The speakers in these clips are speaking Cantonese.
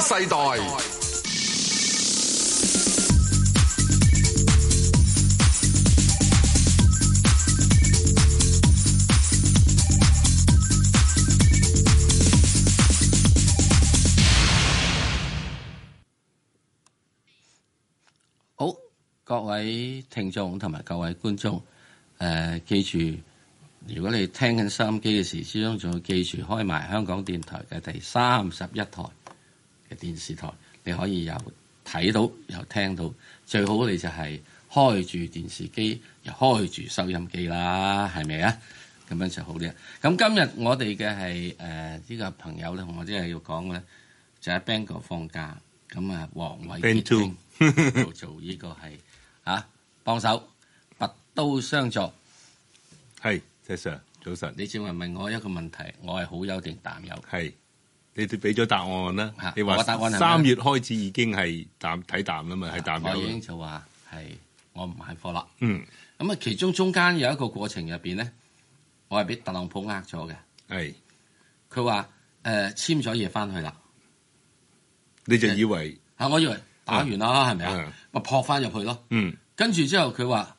世代好，各位聽眾同埋各位觀眾，誒，記住，如果你聽緊收音機嘅時，始終仲要記住開埋香港電台嘅第三十一台。嘅電視台，你可以又睇到又聽到，最好你就係開住電視機又開住收音機啦，係咪啊？咁樣就好啲。咁今日我哋嘅係誒呢個朋友咧，同我即係要講嘅咧，就係 Ben 哥放假。咁啊，王偉 Ben Two 做呢個係啊幫手拔刀相助。係，謝 Sir 早晨。你只係問我一個問題，我係好友定淡友。係、hey。你哋俾咗答案啦？你話我答案三月開始已經係淡，睇淡啦嘛，係淡咗。我已經就話係我唔買貨啦。嗯，咁啊，其中中間有一個過程入邊咧，我係俾特朗普呃咗嘅。係，佢話誒簽咗嘢翻去啦。你就以為吓？我以為打完啦，係咪啊？咪撲翻入去咯。嗯，跟住之後佢話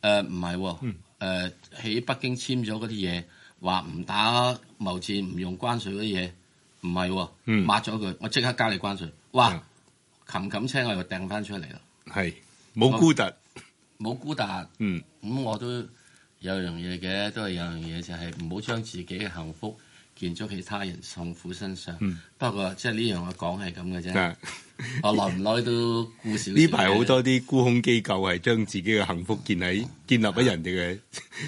誒唔係，誒、呃、喺、嗯呃、北京簽咗嗰啲嘢，話唔打貿易戰，唔用關稅嗰啲嘢。唔係喎，抹咗佢，我即刻加你關稅。哇，嗯、琴琴車我又掟翻出嚟啦，係冇孤突，冇孤突。嗯，咁、嗯、我都有樣嘢嘅，都係有樣嘢就係唔好將自己嘅幸福，建喺其他人痛苦身上，啊、來，不過即係呢樣我講係咁嘅啫。我耐唔耐都沽少，呢排好多啲沽空機構係將自己嘅幸福建喺建立喺人哋嘅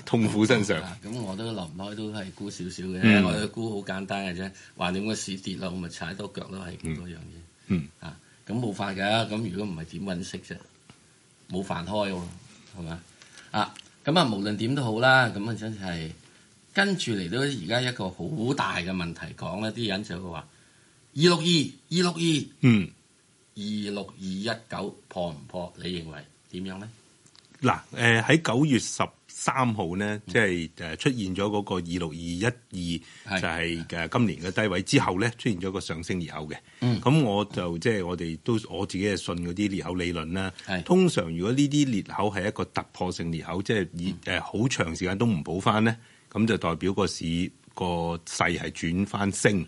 痛苦身上。咁我都留唔耐都係沽少少嘅，我嘅沽好簡單嘅啫。話點個市跌落我咪踩多腳咯，係咁多樣嘢。嗯啊，咁冇法噶，咁如果唔係點揾食啫？冇飯開係嘛？啊，咁、哦、啊，無論點都好啦，咁啊真係。跟住嚟到而家一個好大嘅問題講咧，啲人就話二六二二六二，嗯，二六二一九破唔破？你認為點樣咧？嗱，誒喺九月十三號咧，即係誒出現咗嗰個二六二一二，就係誒今年嘅低位之後咧，出現咗個上升裂口嘅。咁、嗯、我就即係我哋都我自己係信嗰啲裂口理論啦。通常如果呢啲裂口係一個突破性裂口，即係以誒好長時間都唔補翻咧。咁就代表個市個勢係轉翻升，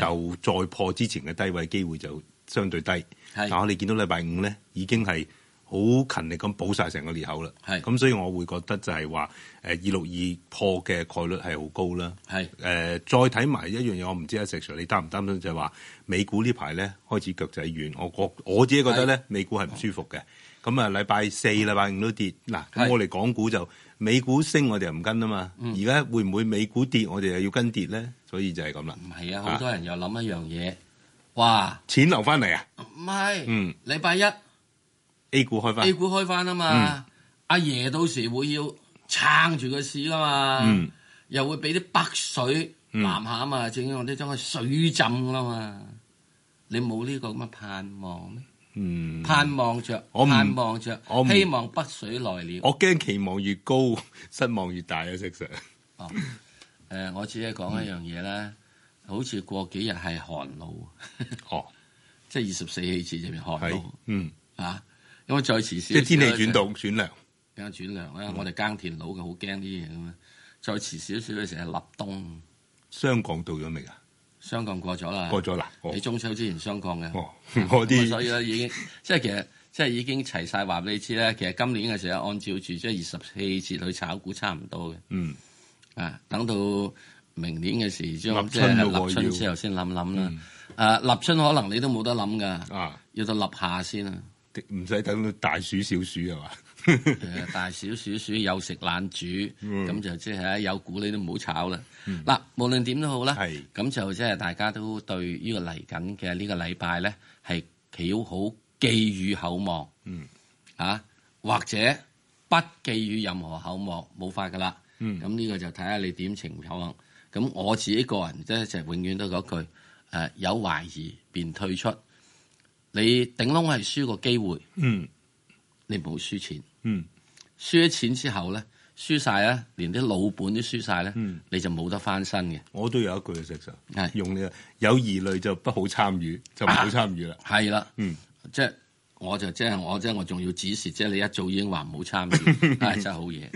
就再破之前嘅低位機會就相對低。但我哋見到禮拜五咧已經係好勤力咁補晒成個裂口啦。咁所以我會覺得就係話誒二六二破嘅概率係好高啦。呃、再睇埋一樣嘢、啊，我唔知阿石 Sir 你擔唔擔心就係話美股呢排咧開始腳仔軟。我覺我，我自己覺得咧美股係唔舒服嘅。咁啊禮拜四禮拜、嗯、五都跌。嗱咁我哋港股就。美股升我哋又唔跟啊嘛，而、嗯、家會唔會美股跌我哋又要跟跌咧？所以就係咁啦。唔係啊，好多人又諗一樣嘢、啊，哇！錢留翻嚟啊！唔係，嗯，禮拜一 A 股開翻，A 股開翻啊嘛、嗯。阿爺到時會要撐住個市啊嘛、嗯，又會俾啲北水、嗯、南下啊嘛，至於我哋將佢水浸啊嘛，你冇呢個咁嘅盼望咩？嗯，盼望着，盼望着，希望北水來了。我驚期望越高，失望越大啊！事實上，哦，誒、呃，我只係講一樣嘢啦，好似過幾日係寒露，哦， 即係二十四氣節入面寒露，嗯啊，因為再遲少，即係天氣轉凍轉涼，點解轉涼咧？我哋耕田佬嘅好驚啲嘢噶嘛，再遲少少嘅時候立冬，霜降到咗未啊？相降過咗啦，過咗啦。你中秋之前相降嘅。哦，啲、啊，所以咧已經， 即係其實，即係已經齊晒話俾你知咧。其實今年嘅時候，按照住即係二十四節去炒股差唔多嘅。嗯。啊，等到明年嘅時將，即係立春之後先諗諗啦。啊，立春可能你都冇得諗噶。啊。要到立夏先啊。唔使等到大暑小暑係嘛？誒， 大少少鼠有食懶煮，咁、mm. 就即係有股你都唔、mm. 好炒啦。嗱，無論點都好啦，咁就即係大家都對個個呢個嚟緊嘅呢個禮拜咧，係翹好寄予厚望。嗯、mm.，啊，或者不寄予任何厚望，冇法噶啦。嗯，咁呢個就睇下你點情況。咁我自己個人即係永遠都嗰句，誒、呃，有懷疑便退出，你頂籠係輸個機會。嗯、mm.，你唔好輸錢。嗯，輸咗錢之後咧，輸晒啦，連啲老本都輸晒咧，你就冇得翻身嘅。我都有一句嘅，其實係用嘅，有疑慮就不好參與，就唔好參與啦。係、啊、啦，嗯，即係我就即係我即係我仲要指示，即係你一早已經話唔好參與， 真係好嘢。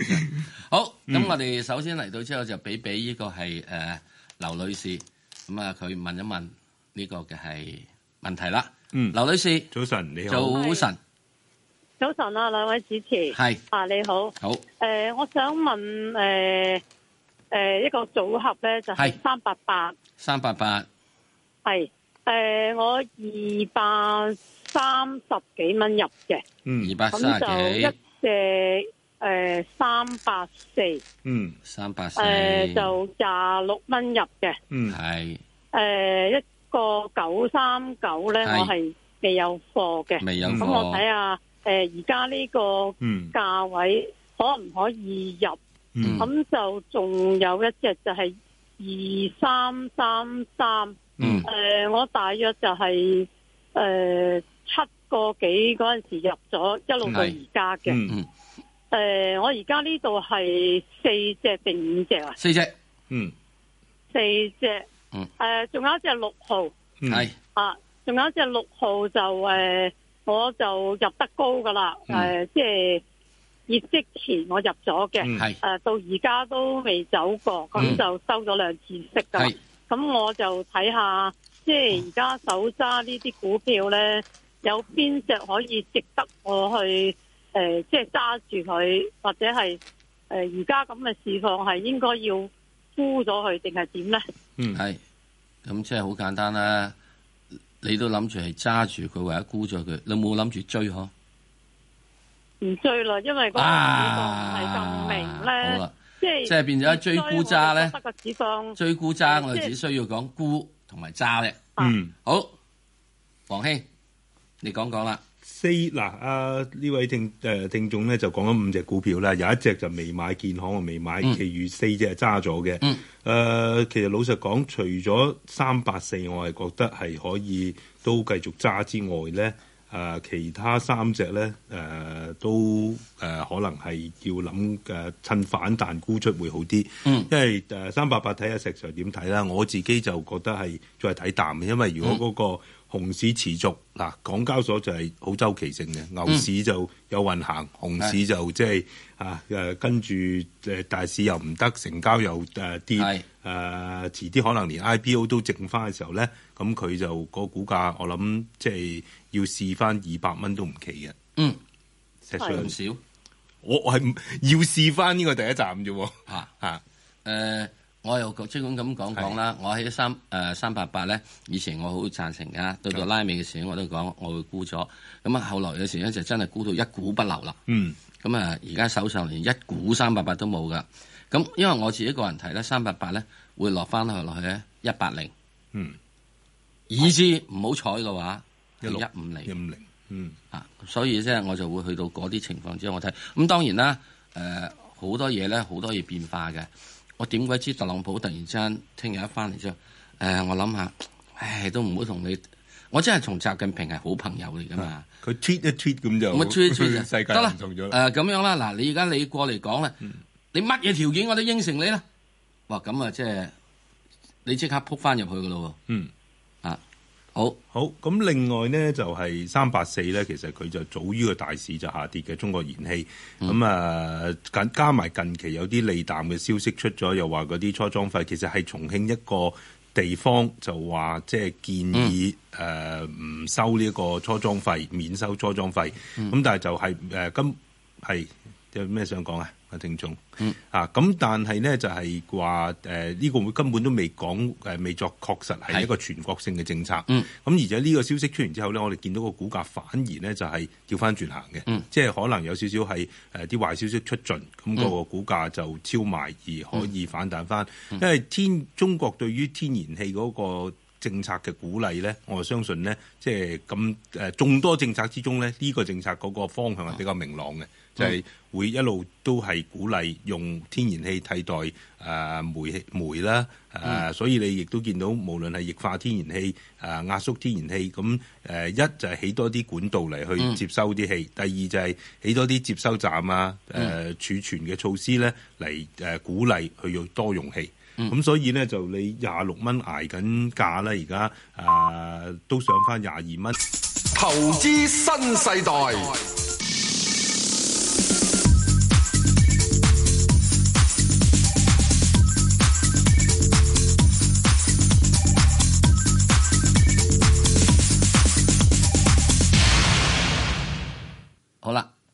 好，咁我哋首先嚟到之後就俾俾呢個係誒劉女士，咁啊佢問一問呢個嘅係問題啦。嗯，劉女士，早晨你好，早晨。早晨啊，兩位主持。係。啊，你好。好。誒、呃，我想問誒誒、呃呃、一個組合咧就係三八八。三八八。係。誒、呃，我二百三十幾蚊入嘅。嗯，二百三十幾。咁就一隻誒、呃嗯、三八四、呃。嗯，三八四。誒，就廿六蚊入嘅。嗯，係。誒，一個九三九咧，我係未有貨嘅。未有。咁我睇下。誒、呃，而家呢個價位可唔可以入？咁、嗯、就仲有一隻就係二三三三。誒、呃，我大約就係、是、誒、呃、七個幾嗰陣時入咗，一路到而家嘅。誒、嗯嗯呃，我而家呢度係四隻定五隻啊？四隻，嗯，四隻。誒、呃，仲有一隻六號。係。啊，仲有一隻六號就誒。呃我就入得高噶啦，誒，即係業績前我入咗嘅、啊，到而家都未走過，咁、嗯、就收咗兩次息噶。咁我就睇下，即係而家手揸呢啲股票咧，有邊隻可以值得我去誒，即係揸住佢，或者係誒而家咁嘅市況係應該要沽咗佢定係點咧？嗯，係，咁即係好簡單啦。你都諗住係揸住佢或者沽咗佢，你冇諗住追嗬？唔追啦，因為嗰個止動唔係咁明咧、啊，即係即係變咗追沽揸咧，追沽揸我哋只需要講沽同埋揸嘅。嗯，好，黃兄，你講講啦。四嗱，阿、啊、呢位聽誒、呃、聽眾咧就講咗五隻股票啦，有一隻就未買，建行我未買，嗯、其餘四隻係揸咗嘅。其實老實講，除咗三八四，我係覺得係可以都繼續揸之外咧，其他三隻咧，誒、呃，都誒、呃、可能係要諗趁反彈沽出會好啲、嗯。因為、呃、三八八睇下、啊、石 Sir，點睇啦，我自己就覺得係再睇淡嘅，因為如果嗰、那個、嗯熊市持續嗱，港交所就係好周期性嘅，牛市就有運行，嗯、熊市就即、就、係、是、啊誒跟住誒大市又唔得，成交又誒跌，誒、啊、遲啲可能連 IPO 都剩翻嘅時候咧，咁佢就、嗰個股價我諗即係要試翻二百蚊都唔奇嘅。嗯，石碎唔少，我我係要試翻呢個第一站啫喎嚇嚇。我又即管咁講講啦，我喺三誒、呃、三八八咧，以前我好贊成噶，到到拉尾嘅時我都講，我會沽咗。咁啊，後來嘅時咧就真係沽到一股不留啦。嗯。咁啊，而家手上連一股三八八都冇噶。咁因為我自己個人睇咧，三八八咧會落翻落去咧一八零。嗯。以至唔好彩嘅話，一五零。一五零。嗯。啊、嗯，所以即係我就會去到嗰啲情況之後我睇。咁當然啦，誒、呃、好多嘢咧，好多嘢變化嘅。我點鬼知特朗普突然之間聽日一返嚟之後，呃、我諗下，唉都唔好同你，我真係同習近平係好朋友嚟㗎嘛，佢、嗯、tweet 一 tweet 咁就，咁 tweet 一 tweet 就得啦，唔同咗啦，咁、 呃、樣啦，嗱你而家你過嚟講啦、嗯、你乜嘢條件我都應承你啦，哇咁啊即係你即刻撲返入去㗎囉喎。嗯好好咁，另外呢就係三八四咧，其實佢就早於個大市就下跌嘅中國燃氣。咁、嗯、啊、嗯，加加埋近期有啲利淡嘅消息出咗，又話嗰啲初裝費其實係重慶一個地方就話即係建議誒唔、嗯呃、收呢一個初裝費，免收初裝費。咁、嗯嗯、但係就係、是、誒、呃、今係有咩想講啊？嗯、啊咁，但係呢，就係話誒呢個會根本都未講誒，未作確實係一個全國性嘅政策。咁、嗯、而且呢個消息出完之後呢，我哋見到個股價反而呢就係調翻轉行嘅，即、嗯、係、就是、可能有少少係誒啲壞消息出盡，咁個股價就超賣而可以反彈翻、嗯。因為天、嗯、中國對於天然氣嗰個政策嘅鼓勵呢，我相信呢，即係咁誒眾多政策之中呢，呢、這個政策嗰個方向係比較明朗嘅。就係、是、會一路都係鼓勵用天然氣替代誒煤煤啦，誒所以你亦都見到無論係液化天然氣、誒壓縮天然氣，咁誒一就係起多啲管道嚟去接收啲氣，嗯、第二就係起多啲接收站、嗯、啊、誒儲存嘅措施咧嚟誒鼓勵去用多用氣，咁、嗯、所以咧就你廿六蚊捱緊價啦，而家誒都上返廿二蚊。投資新世代。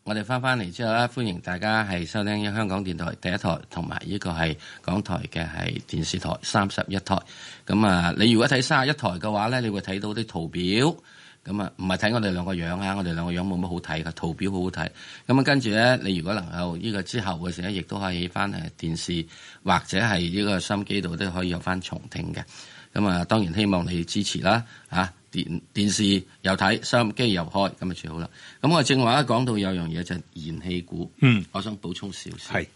我哋翻翻嚟之後咧，歡迎大家係收聽香港電台第一台，同埋呢個係港台嘅係電視台三十一台。咁啊，你如果睇三十一台嘅話咧，你會睇到啲圖表。咁啊，唔係睇我哋兩個樣啊，我哋兩個樣冇乜好睇嘅，圖表好好睇。咁啊，跟住咧，你如果能夠呢個之後嘅時候，亦都可以翻誒電視或者係呢個收音機度都可以有翻重聽嘅。咁啊，當然希望你支持啦，嚇、啊、電電視又睇，收音機又開，咁就最好啦。咁我正話一講到有樣嘢就係、燃氣股，嗯，我想補充少少。係，誒、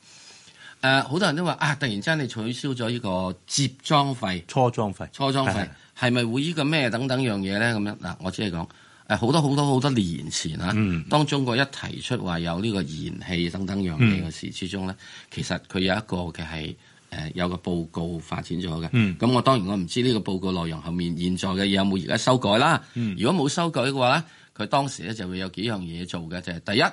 啊、好多人都話啊，突然間你取消咗呢個接裝費、初裝費、初裝費，係咪會依個咩等等樣嘢咧？咁樣嗱，我只係講誒好多好多好多年前啊、嗯，當中國一提出話有呢個燃氣等等樣嘢嘅事之中咧、嗯，其實佢有一個嘅係。誒，有個報告發展咗嘅，咁、嗯、我當然我唔知呢個報告內容後面現在嘅有冇而家修改啦、嗯。如果冇修改嘅話，佢當時咧就會有幾樣嘢做嘅，就係、是、第一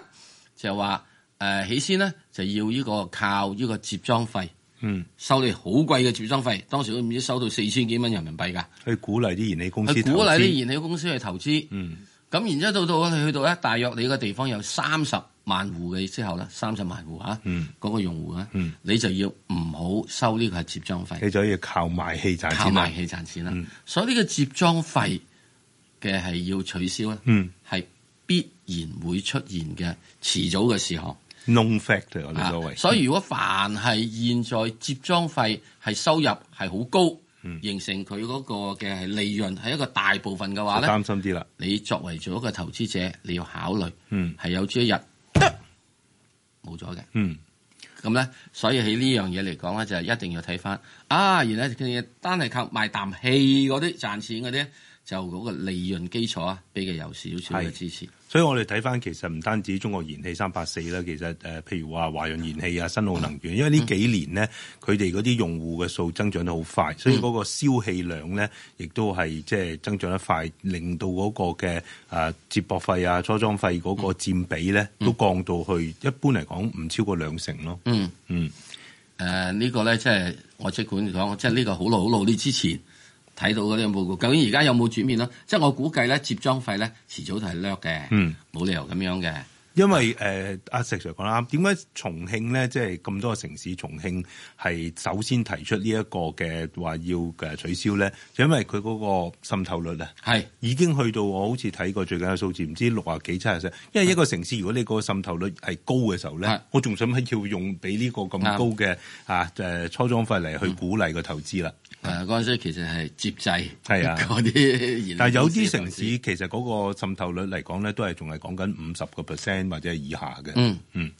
就係話誒，起先咧就要呢個靠呢個接裝費、嗯，收你好貴嘅接裝費，當時都唔知收到四千幾蚊人民幣噶，去鼓勵啲燃氣公司，去鼓勵啲燃氣公司去投資。嗯咁然之後到到去去到咧，大約你個地方有三十萬戶嘅之後咧，三十萬戶啊，嗰個用戶咧、嗯，你就要唔好收呢個係接裝費，你就要靠賣氣賺錢，靠賣氣賺錢啦、嗯，所以呢個接裝費嘅係要取消咧，係、嗯、必然會出現嘅，遲早嘅時候。Non factor 我哋所謂，所以如果凡係現在接裝費係收入係好高。形成佢嗰個嘅利潤係一個大部分嘅話咧，擔心啲啦。你作為做一個投資者，你要考慮，係有朝一日冇咗嘅。嗯，咁、嗯、咧，所以喺呢樣嘢嚟講咧，就係一定要睇翻啊。原來呢啲嘢單係靠賣啖氣嗰啲賺錢嗰啲，就嗰個利潤基礎啊，比較有少少嘅支持。所以我哋睇翻，其實唔單止中國燃氣三八四啦，其實、呃、譬如話華潤燃氣啊、新奧能源，因為呢幾年咧，佢哋嗰啲用戶嘅數增長得好快，所以嗰個消氣量咧，亦都係即係增長得快，令到嗰個嘅誒、呃、接駁費啊、初裝費嗰個佔比咧，都降到去、嗯、一般嚟講唔超過兩成咯。嗯嗯，誒、呃這個、呢、就是就是、個咧，即係我即管講，即係呢個好耐好耐啲之前。睇到嗰啲報告，究竟而家有冇轉變啦？即係我估計咧，接裝費咧遲早都係叻嘅，嗯，冇理由咁樣嘅。因為誒，阿、呃、石 Sir 講得啱，點解重慶咧即係咁多個城市，重慶係首先提出呢一個嘅話要嘅取消咧？就係、因為佢嗰個滲透率啊，係已經去到我好似睇過最近嘅數字，唔知六啊幾七啊成。因為一個城市，如果你個滲透率係高嘅時候咧，我仲想咩要用俾呢個咁高嘅啊、呃、初裝費嚟去鼓勵個投資啦？嗯誒，嗰陣時其實係接濟，係啊，嗰啲。但係有啲城市其實嗰個滲透率嚟講咧，都係仲係講緊五十個 percent 或者以下嘅。嗯嗯。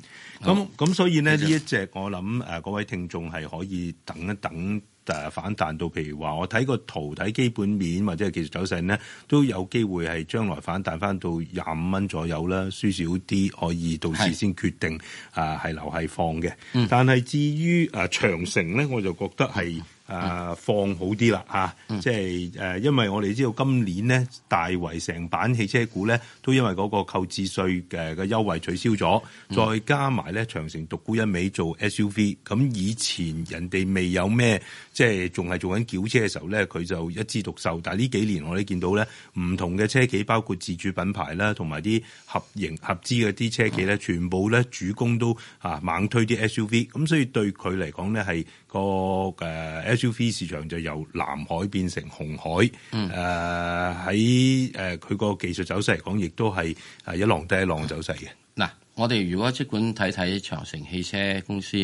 咁咁，所以咧呢謝謝一隻，我諗誒，各、啊、位聽眾係可以等一等，誒、啊、反彈到，譬如話，我睇個圖、睇基本面或者係技術走勢咧，都有機會係將來反彈翻到廿五蚊左右啦，輸少啲，可以到時先決定啊係留係放嘅、嗯。但係至於誒、啊、長城咧，我就覺得係。誒、啊、放好啲啦嚇，即係誒、啊，因為我哋知道今年咧，大圍成班汽車股咧，都因為嗰個購置稅嘅個優惠取消咗、嗯，再加埋咧長城獨沽一味做 SUV，咁、啊、以前人哋未有咩，即係仲係做緊轎車嘅時候咧，佢就一枝獨秀。但呢幾年我哋見到咧，唔同嘅車企包括自主品牌啦，同埋啲合營合資嘅啲車企咧、嗯，全部咧主攻都啊猛推啲 SUV，咁、啊、所以對佢嚟講咧係個誒。啊 SUV 市場就由南海變成紅海，誒喺誒佢個技術走勢嚟講，亦都係一浪低一浪走勢嘅。嗱、嗯，我哋如果即管睇睇長城汽車公司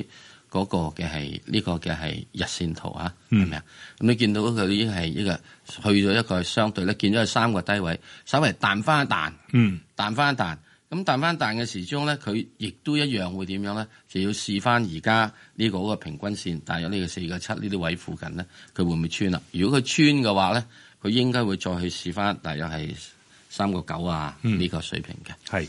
嗰個嘅係呢個嘅係日線圖啊，係咪啊？咁、嗯、你見到佢已經係一個去咗一個相對咧，見咗三個低位，稍微彈翻一彈，嗯，彈翻一彈。咁彈翻彈嘅時候咧，佢亦都一樣會點樣咧？就要試翻而家呢個平均線，大約呢個四個七呢啲位附近咧，佢會唔會穿啦？如果佢穿嘅話咧，佢應該會再去試翻，大約係三個九啊呢個水平嘅。嗯，係。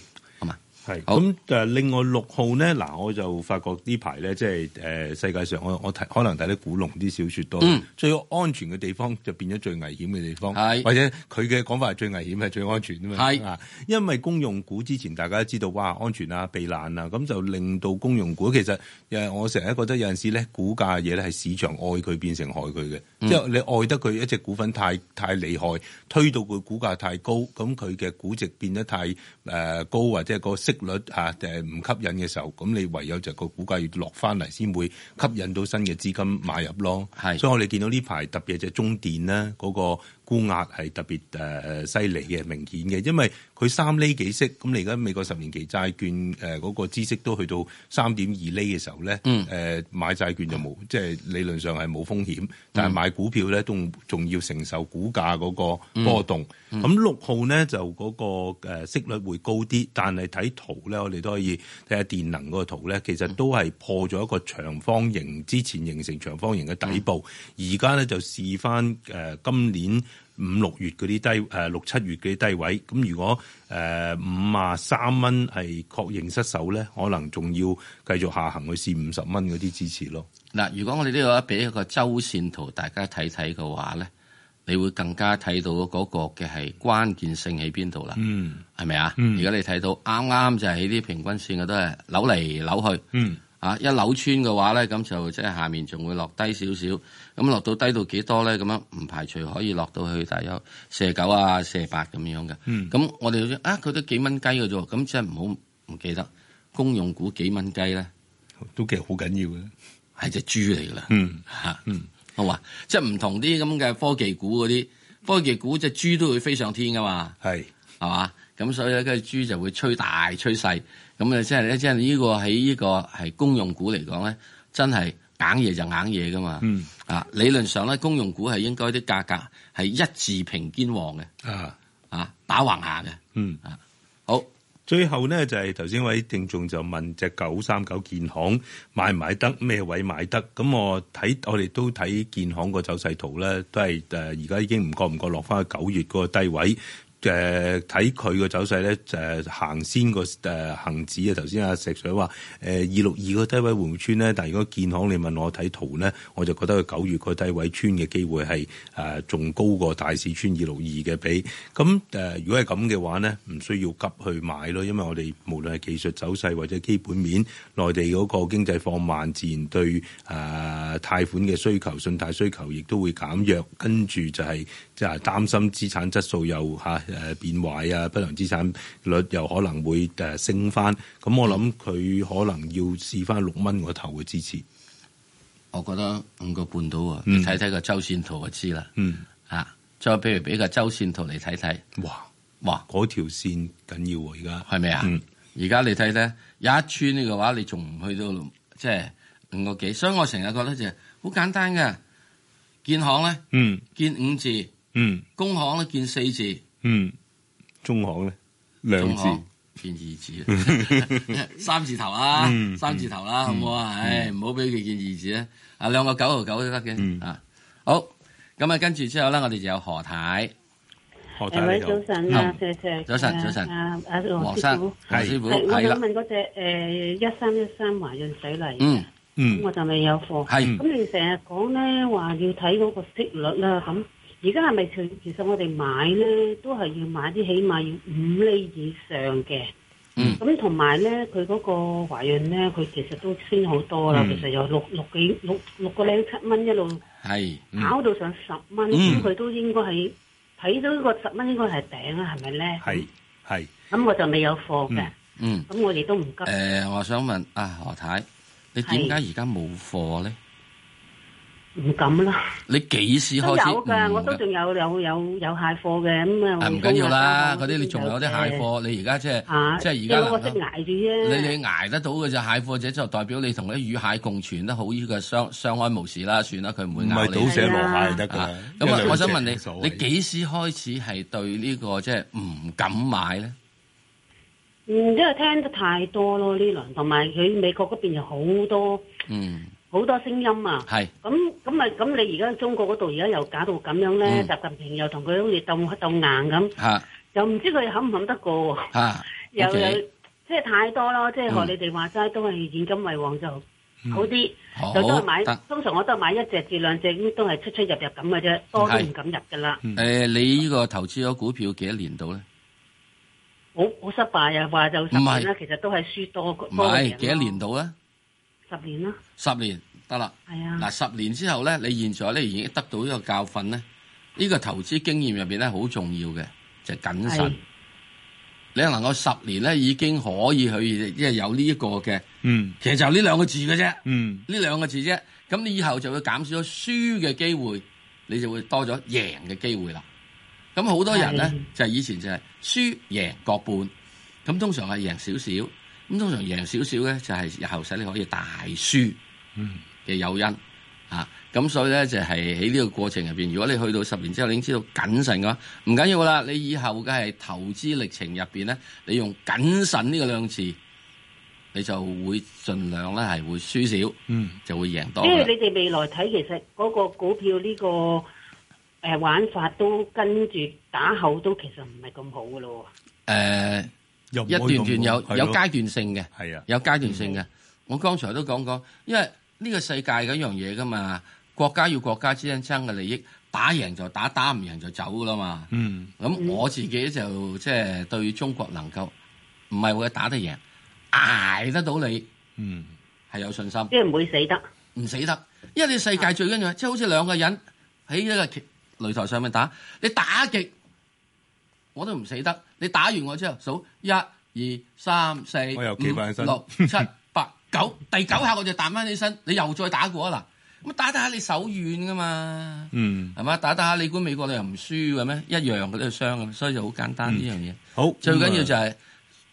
係咁誒、另外六號咧，嗱我就發覺呢排咧，即係誒、呃、世界上，我我睇可能睇啲古龍啲小說多、嗯，最安全嘅地方就變咗最危險嘅地方，或者佢嘅講法係最危險係最安全啊嘛，係啊，因為公用股之前大家都知道哇，安全啊、避難啊，咁就令到公用股其實誒、我成日覺得有陣時咧，股價嘢咧係市場愛佢變成害佢嘅、嗯，即係你愛得佢一隻股份太太厲害，推到佢股價太高，咁佢嘅估值變得太、呃、高或者個息率啊定係唔吸引嘅時候，咁你唯有就個股價要落翻嚟，先會吸引到新嘅資金買入咯。係，所以我哋見到呢排特別係隻中電咧嗰個。估壓係特別誒犀利嘅，明顯嘅，因為佢三厘幾息，咁你而家美國十年期債券誒嗰、呃那個孳息都去到三點二厘嘅時候咧，誒、嗯呃、買債券就冇，即、就、係、是、理論上係冇風險，但係買股票咧都仲要承受股價嗰個波動。咁六號咧就嗰個息率會高啲，但係睇圖咧，我哋都可以睇下電能嗰個圖咧，其實都係破咗一個長方形之前形成長方形嘅底部，而家咧就試翻誒、呃、今年。五六月嗰啲低，呃、六七月嘅低位，咁如果誒五啊三蚊係確認失守咧，可能仲要繼續下行去試五十蚊嗰啲支持咯。嗱，如果我哋呢個俾一個周線圖大家睇睇嘅話咧，你會更加睇到嗰個嘅係關鍵性喺邊度啦。嗯，係咪啊？嗯，如果你睇到啱啱就係喺啲平均線嘅都係扭嚟扭去。嗯，啊一扭穿嘅話咧，咁就即係下面仲會落低少少。咁落到低到幾多咧？咁樣唔排除可以落到去大約四九啊、四八咁樣嘅。咁我哋啊，佢都幾蚊雞嘅啫。咁真係唔好唔記得公用股幾蚊雞咧，都其實好緊要嘅，係隻豬嚟噶啦。嗯嚇，嗯好嘛，即係唔同啲咁嘅科技股嗰啲科技股，隻豬都會飛上天噶嘛。係係嘛？咁所以咧，跟住豬就會吹大吹細。咁啊、這個，即係咧，即係呢個喺呢個係公用股嚟講咧，真係。硬嘢就硬嘢㗎嘛，嗯，啊，理論上咧，公用股係應該啲價格係一字平肩旺嘅。啊，啊打橫行嘅，嗯、啊，好，最後咧就係頭先位聽眾就問隻九三九建行買唔買得，咩位買得？咁我睇我哋都睇建行個走勢圖咧，都係誒而家已經唔覺唔覺落返去九月嗰個低位。誒睇佢個走勢咧，就、呃、行先個、呃、行恆指啊，頭先阿石水話誒二六二個低位緩穿咧，但係如果建行你問我睇圖咧，我就覺得佢九月個低位穿嘅機會係仲、呃、高過大市穿二六二嘅比。咁、呃、如果係咁嘅話咧，唔需要急去買咯，因為我哋無論係技術走勢或者基本面，內地嗰個經濟放慢，自然對誒貸、呃、款嘅需求、信貸需求亦都會減弱，跟住就係即係擔心資產質素又、啊誒，變壞啊！不良資產率又可能會誒升翻，咁我諗佢可能要試翻六蚊個頭嘅支持。我覺得五個半到，嗯，你睇睇個周線圖就知啦。嗯，啊，再譬如俾個周線圖嚟睇睇，哇哇，嗰條線緊要喎，而家係咪啊？而家、啊嗯、你睇睇，有一穿嘅話，你仲唔去到即係、就是、五個幾？所以我成日覺得就係好簡單嘅建行咧，嗯，建五字，嗯，工行咧建四字。嗯，中行咧，兩字見二字，三字頭啦，三字頭啦，好唔好啊？唉、嗯，唔好俾佢見二字咧。啊，兩個九號九都得嘅。啊，好，咁啊，跟住之後啦，我哋就有何太。何太，早晨啊、嗯，謝謝早晨、啊啊、早晨。阿黃生，傅，黃師傅，係，我想問嗰隻誒一三一三華潤水泥。嗯嗯，我就未有貨。係，咁你成日講咧話要睇嗰個息率啦，咁。而家係咪？其實我哋買咧都係要買啲起碼要五厘以上嘅。嗯。咁同埋咧，佢嗰個華潤咧，佢其實都升好多啦。其實有六六幾六六個零七蚊一路，係跑到上十蚊。嗯。咁佢都應該係睇到呢個十蚊應該係頂啊，係咪咧？係係。咁我就未有貨嘅。嗯。咁、嗯、我哋都唔急。呃，我想問啊何太，你點解而家冇貨咧？唔敢啦！你幾時開始？噶、嗯？我都仲有有有有蟹貨嘅，咁唔緊要啦，嗰啲你仲有啲蟹貨，你而家、就是啊、即係即係而家挨住啫！你你挨得到嘅就蟹貨者，就代表你同啲與蟹共存得好呢個相相安無事啦，算啦，佢唔會倒係倒瀉籮蟹就得噶。咁、啊啊、我想問你，你幾時開始係對呢、這個即係唔敢買咧？嗯，因為聽得太多咯，呢輪同埋佢美國嗰邊有好多嗯。好多聲音啊！係咁咁咪咁你而家中國嗰度而家又搞到咁樣咧，習近平又同佢好似鬥鬥硬咁，又唔知佢肯唔肯得過喎。又有即係太多咯，即係學你哋話齋，都係現金為王就好啲，就都係買。通常我都係買一隻至兩隻，咁都係出出入入咁嘅啫，多都唔敢入噶啦。誒，你呢個投資咗股票幾多年度咧？好好失敗啊！話就十年啦，其實都係輸多多嘅人。唔係幾多年度咧？十年啦，十年得啦。係啊。嗱，十年之後咧，你現在咧已經得到呢個教訓咧，呢、呢個投資經驗入邊咧好重要嘅，就係、謹慎。係你能夠十年咧已經可以去即係、就係、有呢一個嘅，嗯，其實就呢兩個字嘅啫，嗯，呢兩個字啫。咁你以後就會減少咗輸嘅機會，你就會多咗贏嘅機會啦。咁好多人咧就係、係、以前就係輸贏各半，咁通常係贏少少。咁通常贏少少咧，就係後生你可以大輸嘅誘因、嗯、啊！咁所以咧，就係喺呢個過程入邊，如果你去到十年之後，你已經知道謹慎嘅話，唔緊要啦。你以後嘅係投資歷程入邊咧，你用謹慎呢個兩字，你就會盡量咧係會輸少、嗯，就會贏多。因為你哋未來睇，其實嗰個股票呢、呢個誒、呃、玩法都跟住打後都其實唔係咁好嘅咯喎、呃。一段段有有階段性嘅，係啊，有階段性嘅。我剛才都講過，因為呢個世界嗰樣嘢噶嘛，國家要國家之間爭嘅利益，打贏就打，打唔贏就走噶啦嘛。嗯，咁我自己就即係、嗯就是、對中國能夠唔係會打得贏，挨得到你，嗯，係有信心。即係唔會死得，唔死得，因為你世界最緊要即係、就是、好似兩個人喺一個擂台上面打，你打極。我都唔死得，你打完我之後數一二三四五六七八九，第九下我就彈翻起身，你又再打過啊，咁打打下你手軟噶嘛，嗯，係嘛，打打下你估美國你又唔輸嘅咩？一樣佢都傷，所以就好簡單呢樣嘢。好，最緊要就係、是、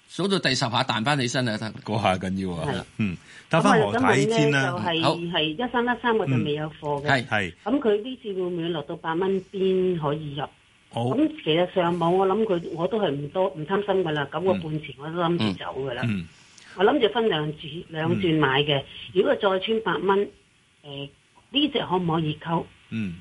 數、嗯啊、到第十下彈翻起身啊，得嗰下緊要啦嗯，打翻何睇先啦、嗯。好，係一三一三，我就未有貨嘅。係係、啊。咁佢呢次會唔會落到八蚊邊可以入？咁、oh, 其實上網我諗佢我都係唔多唔貪心噶啦，咁個半錢我都諗住走噶啦，mm -hmm. 我諗住分兩注兩注買嘅。Mm -hmm. 如果再穿百蚊，呢、呃、隻可唔可以溝？嗯、mm -hmm.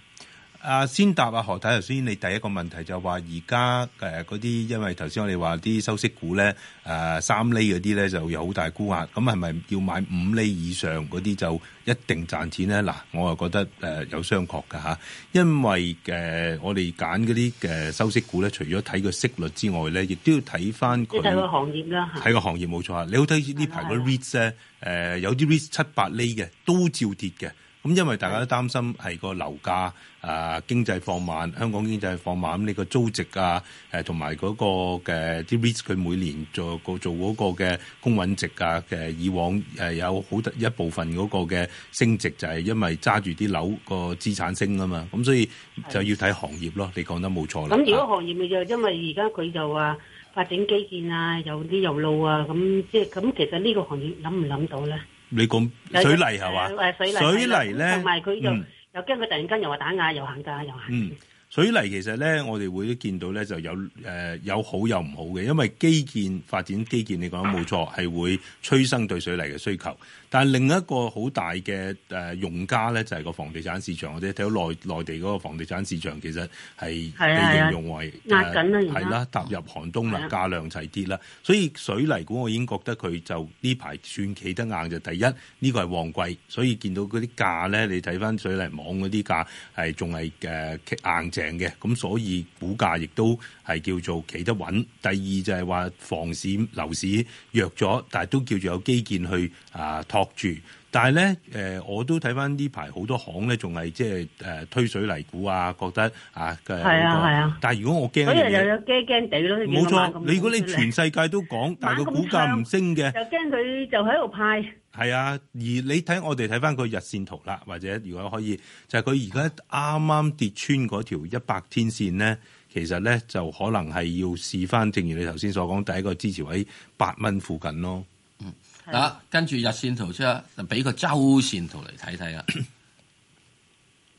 啊，先答啊何太頭先，你第一個問題就話而家誒嗰啲，因為頭先我哋話啲收息股咧，誒、呃、三厘嗰啲咧就有好大沽壓，咁係咪要買五厘以上嗰啲就一定賺錢咧？嗱，我又覺得誒、呃、有商榷㗎。因為誒、呃、我哋揀嗰啲收息股咧，除咗睇個息率之外咧，亦都要睇翻佢。睇個行業啦，睇個行業冇錯啊！你好睇呢排個 REITs 咧，誒、呃、有啲 REITs 七八厘嘅都照跌嘅。咁因為大家都擔心係個樓價啊，經濟放慢，香港經濟放慢，咁、這、呢個租值啊，同埋嗰個嘅啲利息佢每年做做嗰個嘅公允值啊，嘅、啊、以往、啊、有好多一部分嗰個嘅升值就係因為揸住啲樓個資產升啊嘛，咁所以就要睇行業咯。你講得冇錯啦。咁如果行業咪就因為而家佢就話發展基建啊，有啲油路啊，咁即係咁其實呢個行業諗唔諗到咧？你講水泥係嘛？水泥咧，同埋佢又又驚佢突然間又話打壓，又行價，又行。嗯，水泥其實咧，我哋會都見到咧，就有誒、呃、有好有唔好嘅，因為基建發展基建，你講得冇錯，係會催生對水泥嘅需求。但係另一個好大嘅誒用家咧，就係、是、個房地產市場或者睇到內內地嗰個房地產市場其實係被應用為壓緊啦，係啦、呃，踏入寒冬啦，價量齊跌啦，所以水泥股我已經覺得佢就呢排算企得硬就第一呢、這個係旺季，所以見到嗰啲價咧，你睇翻水泥網嗰啲價係仲係誒硬淨嘅，咁所以股價亦都。係叫做企得穩。第二就係話房市樓市弱咗，但係都叫做有基建去啊托住。但係咧，誒、呃、我都睇翻呢排好多行咧，仲係即係誒推水泥股啊，覺得啊嘅。啊係啊、嗯！但係如果我驚，嗰日又有驚驚地。冇錯，你媽媽，如果你全世界都講，但係個股價唔升嘅，就驚佢就喺度派。係啊，而你睇我哋睇翻個日線圖啦，或者如果可以，就係佢而家啱啱跌穿嗰條一百天線咧。其實咧就可能係要試翻，正如你頭先所講，第一個支持位八蚊附近咯。嗯，嗱、啊，跟住日線圖出，俾個周線圖嚟睇睇啊！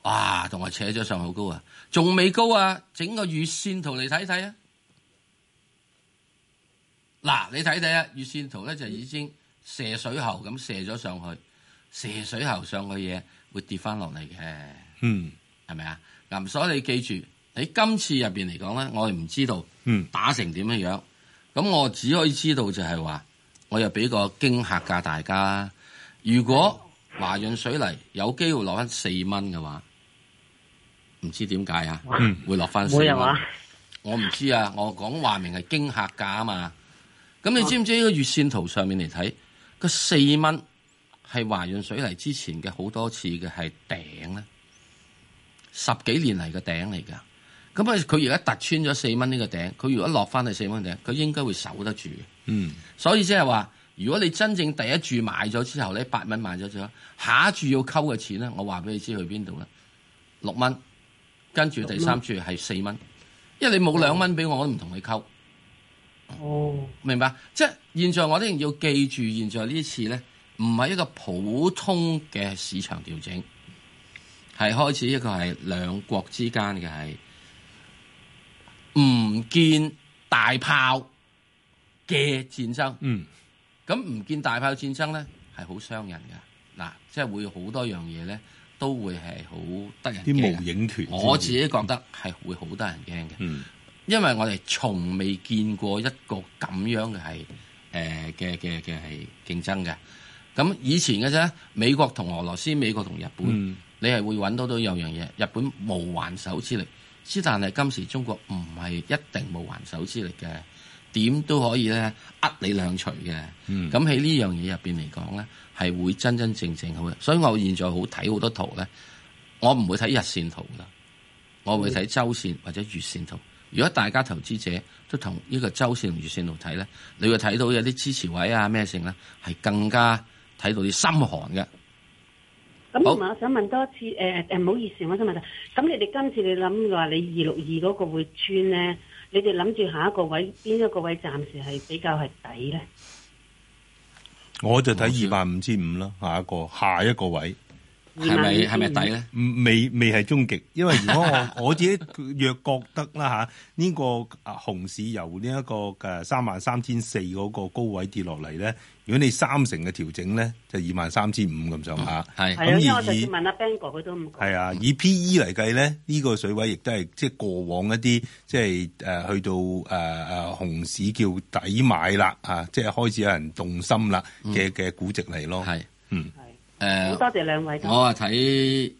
哇，同、 啊、我扯咗上好高啊，仲未高啊！整個月線圖嚟睇睇啊！嗱、啊，你睇睇啊，月線圖咧就已經射水喉咁射咗上去，射水喉上嘅嘢會跌翻落嚟嘅。嗯，係咪啊？咁所以你記住。你今次入邊嚟講咧，我哋唔知道打成點樣樣，咁、嗯、我只可以知道就係話，我又俾個驚嚇價大家。如果華潤水泥有機會落翻四蚊嘅話，唔知點解啊？會落翻？四蚊啊！我唔知啊！我講話明係驚嚇價啊嘛！咁你知唔知呢個月線圖上面嚟睇，個四蚊係華潤水泥之前嘅好多次嘅係頂咧，十幾年嚟嘅頂嚟噶。咁佢而家突穿咗四蚊呢個頂，佢如果落返去四蚊頂，佢應該會守得住。嗯，所以即係話，如果你真正第一注買咗之後咧，八蚊買咗之後，下注要溝嘅錢咧，我話俾你知去邊度啦？六蚊，跟住第三注係四蚊，因為你冇兩蚊俾我，我都唔同你溝。哦，明白。即係現在，我哋要記住，現在次呢次咧，唔係一個普通嘅市場調整，係開始一個係兩國之間嘅係。唔見大炮嘅戰爭，咁、嗯、唔見大炮戰爭咧係好傷人噶，嗱，即係會好多樣嘢咧都會係好得人驚。啲無影團我自己覺得係會好得人驚嘅、嗯，因為我哋從未見過一個咁樣嘅係誒嘅嘅嘅係競爭嘅。咁以前嘅啫，美國同俄羅斯，美國同日本，嗯、你係會揾到到一樣嘢，日本無還手之力。之，但係今時中國唔係一定冇還手之力嘅，點都可以咧呃你兩除嘅。咁、嗯、喺呢樣嘢入面嚟講咧，係會真真正正好嘅。所以我現在好睇好多圖咧，我唔會睇日線圖啦，我會睇周線或者月線圖、嗯。如果大家投資者都同呢個周線同月線圖睇咧，你會睇到有啲支持位啊咩性呢？係更加睇到啲心寒嘅。咁我想問多次，誒、呃、唔好意思，我想問下，咁你哋今次你諗話你二六二嗰個會穿咧？你哋諗住下一個位邊一個位暫時係比較係底咧？我就睇二萬五千五啦，下一個下一個位。係咪係咪抵咧？未未係終極，因為如果我 我自己若覺得啦嚇，呢、這個啊紅市由呢一個三萬三千四嗰個高位跌落嚟咧，如果你三成嘅調整咧，就二萬三千五咁上下。係、嗯、係、嗯、啊 Bingo，我阿 b n 哥佢都唔啊，以 PE 嚟計咧，呢、這個水位亦都係即係過往一啲，即係去到誒誒紅市叫底買啦，即係開始有人動心啦嘅嘅估值嚟咯。嗯。誒、呃，好多謝兩位。我話睇，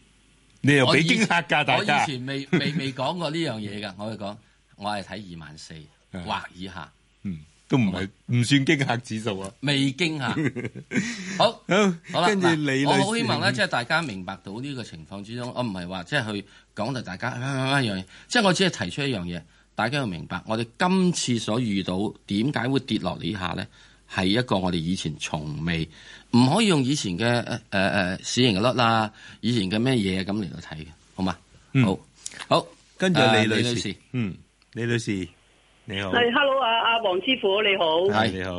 你又俾驚吓噶，大家。我以前未未未講過呢樣嘢噶，我哋講，我係睇二萬四或以下，嗯，都唔係，唔算驚吓指數啊。 未驚驚吓嚇， 好，好啦。跟住你我好希望咧，即係大家明白到呢個情況之中， 我唔係話即係去講就大家一樣嘢，即係我只係提出一樣嘢，大家要明白，我哋今次所遇到點解會跌落嚟下咧？係一個我哋以前從未唔可以用以前嘅，誒誒誒市盈率啦，以前嘅咩嘢咁嚟到睇嘅，好嘛、嗯？好好跟住、呃、李，李女士，嗯，李女士你好，係 Hello 啊啊王師傅你好，係你好，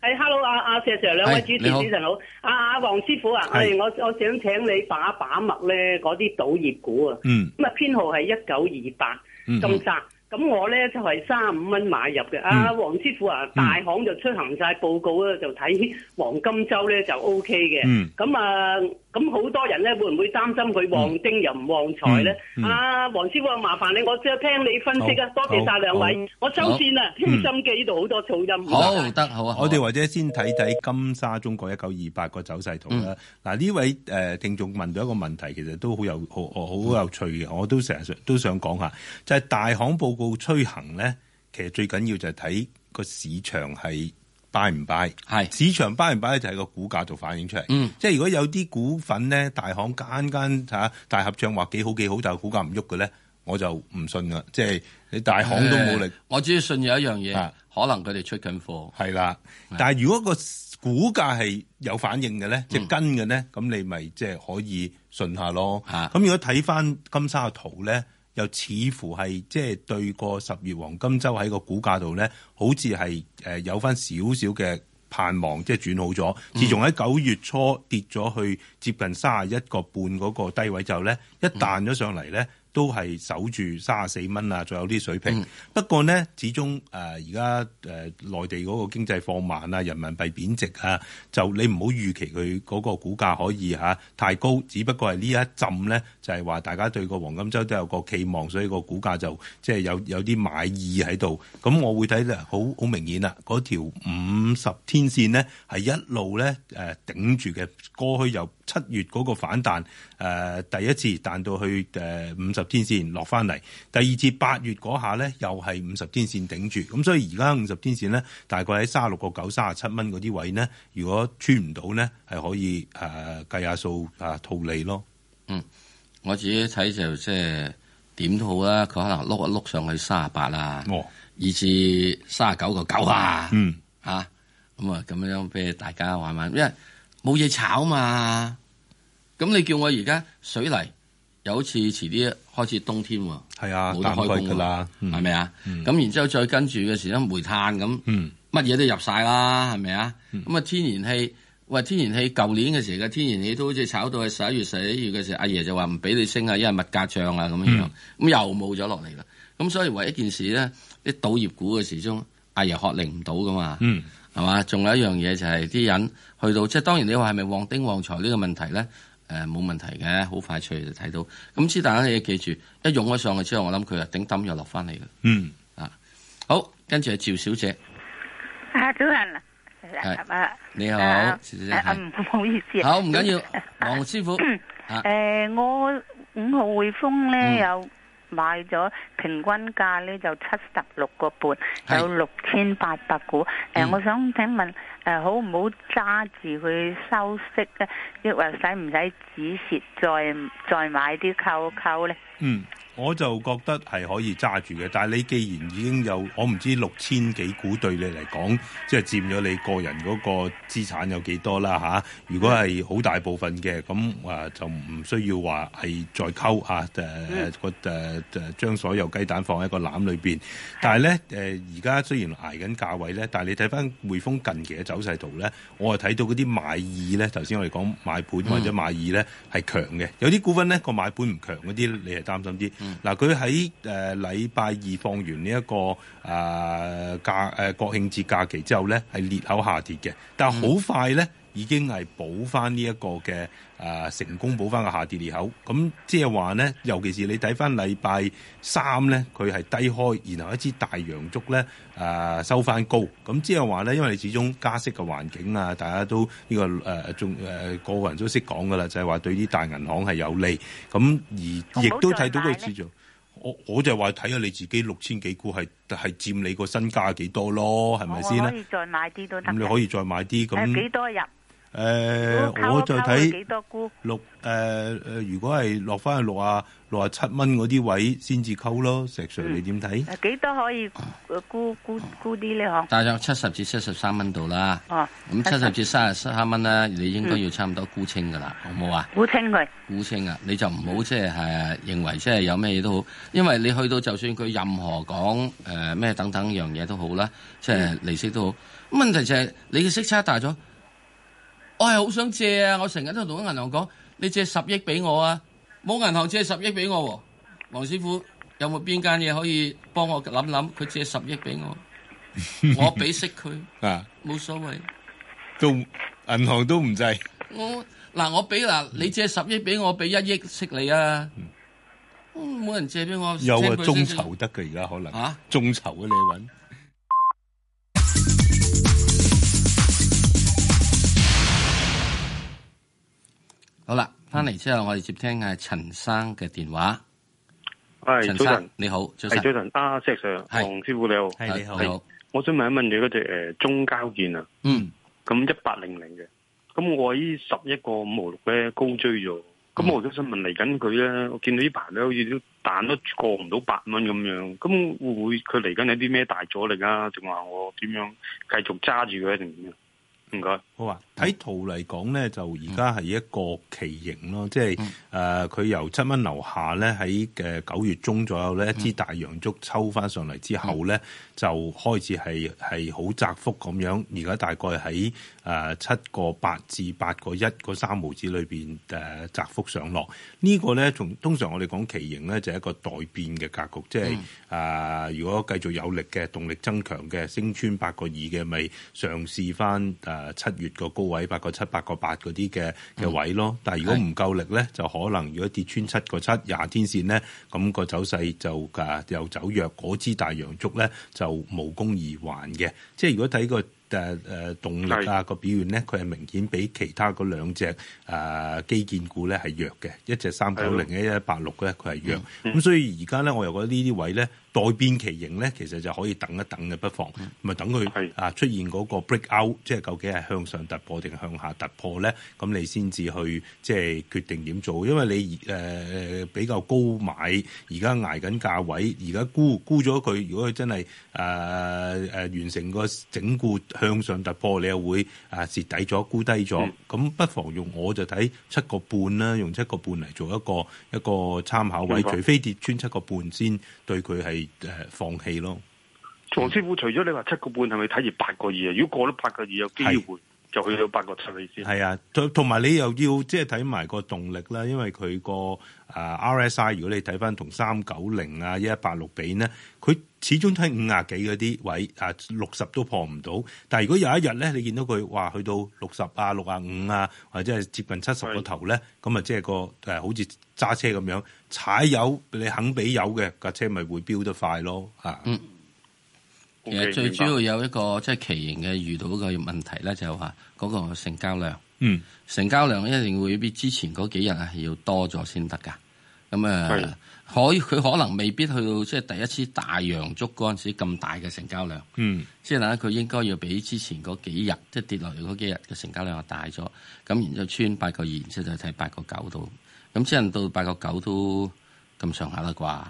係 Hello 啊啊 Sir Sir 兩位主持主持人好，啊啊王師傅啊，係、哎、我我想請你把把脈咧，嗰啲賭業股啊，嗯，咁啊編號係一九二八，嗯，金山。咁我咧就係三十五蚊買入嘅，啊黃師傅啊，大行就出行晒報告啦、嗯，就睇黃金周咧就 O K 嘅。咁、嗯、啊，咁好多人咧會唔會擔心佢旺丁又唔旺財咧、嗯嗯？啊黃師傅，麻煩你，我即係聽你分析啊，多謝晒兩位。我收線啦，偏心嘅呢度好多噪音。好得，好啊。我哋或者先睇睇金沙中國一九二八個走勢圖啦。嗱、嗯、呢、啊、位誒、呃、聽眾問到一個問題，其實都有好有好好有趣嘅，我都成日都想講下，就係、是、大行報告。部催行咧，其實最緊要就係睇個市場係 buy 唔 buy？係市場 buy 唔 buy 咧，就係個股價做反映出嚟。嗯，即係如果有啲股份咧，大行間間吓大合唱話幾好幾好，但係股價唔喐嘅咧，我就唔信噶。即係你大行都冇力、嗯，我只要信有一樣嘢，可能佢哋出緊貨。係啦，但係如果個股價係有反應嘅咧，即係跟嘅咧，咁你咪即係可以信下咯。咁如果睇翻金沙嘅圖咧？又似乎係即係對個十月黃金周喺個股價度咧，好似係誒有翻少少嘅盼望，即係轉好咗。自從喺九月初跌咗去接近卅一個半嗰個低位之後咧，一彈咗上嚟咧。都係守住三十四蚊啊，仲有啲水平。嗯、不過咧，始終誒而家誒內地嗰個經濟放慢啊，人民幣貶值啊，就你唔好預期佢嗰個股價可以嚇、啊、太高。只不過係呢一浸咧，就係、是、話大家對個黃金周都有個期望，所以個股價就即係、就是、有有啲買意喺度。咁我會睇咧，好好明顯啊，嗰條五十天線咧係一路咧誒頂住嘅，過去又。七月嗰個反彈，誒、呃、第一次彈到去誒五十天線落翻嚟，第二次八月嗰下咧又係五十天線頂住，咁所以而家五十天線咧，大概喺三十六個九、三十七蚊嗰啲位咧，如果穿唔到咧，係可以誒、呃、計下數啊套利咯。嗯，我自己睇就即係點都好啦，佢可能碌一碌上去三十八啊，二至三十九個九啊，嗯啊，咁啊咁樣俾大家玩玩，因為冇嘢炒嘛。咁你叫我而家水泥又好似遲啲開始冬天喎，係啊，冇得開工噶啦，係咪、嗯、啊？咁、嗯、然之後再跟住嘅時候，中煤炭咁，乜嘢、嗯、都入晒啦，係咪啊？咁、嗯、啊天然氣，喂天然氣，舊年嘅時候嘅天然氣都好似炒到係十一月、十一月嘅時候，阿爺就話唔俾你升啊，因為物價漲啊咁樣樣，咁、嗯、又冇咗落嚟啦。咁所以唯一件事咧，啲賭業股嘅時鐘，阿爺學嚟唔到噶嘛，係、嗯、嘛？仲有一樣嘢就係、是、啲人去到，即係當然你話係咪旺丁旺財呢個問題咧？誒，冇問題嘅，好快脆就睇到。咁希望大家要記住，一用咗上去之後，我諗佢啊頂冚又落翻嚟嘅。嗯，啊好，跟住係趙小姐。啊，早晨啊，你好，唔、啊啊啊、好意思、啊。好，唔緊要緊， 王師傅。誒 、呃，我五號匯豐咧有買咗，平均價咧就七十六個半，有六千八百股。誒、嗯呃，我想請問。誒、啊，好唔好揸住去收息咧？抑或使唔使止蝕，再再買啲溝溝咧？嗯。我就覺得係可以揸住嘅，但你既然已經有，我唔知六千幾股對你嚟講，即係佔咗你個人嗰個資產有幾多啦吓，如果係好大部分嘅，咁話就唔需要話係再溝嚇，將所有雞蛋放喺個籃裏邊。但係咧而家雖然捱緊價位咧，但你睇翻匯豐近期嘅走勢圖咧，我就睇到嗰啲買二咧，頭先我哋講買盤或者買二咧係強嘅，有啲股份咧個買盤唔強嗰啲，你係擔心啲。嗱、嗯，佢喺誒禮拜二放完呢、這、一個誒假誒國慶節假期之後咧，係裂口下跌嘅，但係好快咧。嗯已經係補翻呢一個嘅誒、呃、成功補翻個下跌裂口，咁即係話咧，尤其是你睇翻禮拜三咧，佢係低開，然後一支大陽燭咧誒收翻高，咁即係話咧，因為你始終加息嘅環境啊，大家都呢、這個誒仲誒個個人都識講噶啦，就係、是、話對啲大銀行係有利，咁而亦都睇到個市場，我我就係話睇下你自己六千幾股係係佔你個身價幾多咯，係咪先咧？可以再買啲都得。咁你可以再買啲咁幾多入？誒、呃，我再睇六誒誒，如果係落翻去六啊六啊七蚊嗰啲位先至溝咯，石 s 你點睇？幾、嗯、多可以估沽沽啲呢？嗬，大約七十至七十三蚊度啦。哦，咁七十至三十三蚊啦、嗯、你應該要差唔多沽清噶啦，嗯、好唔好啊？沽清佢。沽清啊！你就唔好即係認為即係有咩嘢都好，因為你去到就算佢任何講誒咩等等樣嘢都好啦，即係利息都好。嗯、問題就係你嘅息差大咗。我係好想借啊！我成日都同啲銀行講，你借十億俾我啊！冇銀行借十億俾我喎，黃師傅有冇邊間嘢可以幫我諗諗？佢借十億俾我，我俾息佢啊！冇所謂，都銀行都唔制。我嗱，我俾嗱，你借十億俾我，俾一億息你啊！嗯，冇人借俾我。有啊，眾籌得嘅而家可能啊，眾籌啊，你搵。好啦，翻嚟之後我哋接聽係陳生嘅電話。係，早晨你好，早晨，早晨啊，石 Sir，黃師傅你好，你好，你好，好。我想問一問你嗰隻誒中交建啊，嗯，咁一八零零嘅，咁我呢十一個五毫六咧高追咗，咁我想想問嚟緊佢咧，我見到呢排咧好似都彈都過唔到八蚊咁樣，咁會唔會佢嚟緊有啲咩大阻力啊？仲話我點樣繼續揸住佢定點樣啊？唔該，好啊！睇圖嚟講咧，就而家係一個奇形咯、嗯，即係誒佢由七蚊樓下咧，喺誒九月中左右咧一支大陽燭抽翻上嚟之後咧、嗯，就開始係係好窄幅咁樣。而家大概喺誒、呃、七個八至八個一嗰三毫紙裏面誒、呃、窄幅上落。這個、呢個咧，從通常我哋講奇形咧，就係、是、一個待變嘅格局，嗯、即係誒、呃、如果繼續有力嘅動力增強嘅升穿八個二嘅，咪嘗試翻誒。呃誒七月個高位八個七、八個八嗰啲嘅嘅位咯、嗯，但係如果唔夠力咧，就可能如果跌穿七個七廿天線咧，咁、那個走勢就價又走弱，嗰支大陽燭咧就無功而還嘅。即係如果睇個。誒、呃、誒動力啊、那個表現咧，佢係明顯比其他嗰兩隻、呃、基建股咧係弱嘅，一隻三九零一一八六咧，佢係弱。咁、嗯嗯、所以而家咧，我又覺得呢啲位咧代變其形咧，其實就可以等一等嘅不妨咪、嗯、等佢啊出現嗰個 break out，即係究竟係向上突破定向下突破咧，咁你先至去即係決定點做，因為你誒、呃、比較高買，而家捱緊價位，而家沽沽咗佢，如果佢真係誒誒完成個整固。向上突破，你又會啊蝕底咗、沽低咗，咁、嗯、不妨用我就睇七個半啦，用七個半嚟做一個一個參考位，除非跌穿七個半先對佢係誒放棄咯。黃師傅，除咗你話七個半，係咪睇住八個二啊？如果過到八個二有機會。就去到八個七嗰先、嗯，係啊，同同埋你又要即係睇埋個動力啦，因為佢個啊 RSI 如果你睇翻同三九零啊一一八六比呢，佢始終喺五廿幾嗰啲位啊六十都破唔到。但係如果有一日咧，你見到佢話去到六十啊六啊五啊，或者係接近七十個頭咧，咁啊即係個好似揸車咁樣踩油，你肯俾油嘅架車咪會飆得快咯、啊嗯其實最主要有一個即係奇形嘅遇到一個問題咧，就係話嗰個成交量，成交量一定會比之前嗰幾日係要多咗先得噶。咁啊，可以佢可能未必去到即係第一次大陽燭嗰陣時咁大嘅成交量。嗯，即係咧，佢應該要比之前嗰幾日即係跌落嚟嗰幾日嘅成交量大咗。咁然之後穿八個二，然之後就睇八個九度。咁只能到八個九都咁上下啦啩。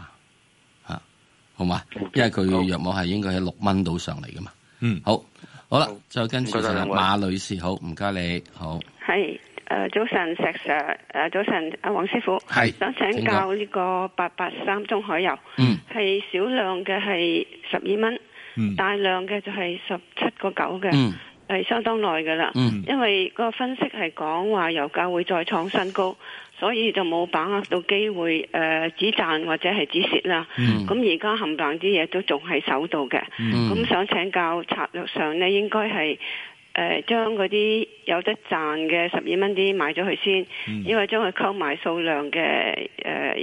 嘛？因為佢若冇係應該喺六蚊到上嚟,噶嘛？嗯，好好啦，再跟住馬女士，好唔該你，好係誒、呃、早晨石石誒、呃、早晨阿黃師傅，係想請教呢個八八三中海油，嗯，係少量嘅係十二蚊，大量嘅就係十七個九嘅，嗯，係相當耐噶啦，嗯，因為個分析係講話油價會再創新高。所以就冇把握到機會誒止、呃、賺或者係止蝕啦。咁而家冚唪啲嘢都仲喺手度嘅。咁、mm. 想請教策略上呢，應該係誒、呃、將嗰啲有得賺嘅十二蚊啲買咗佢先，mm. 因為將佢溝埋數量嘅誒、呃、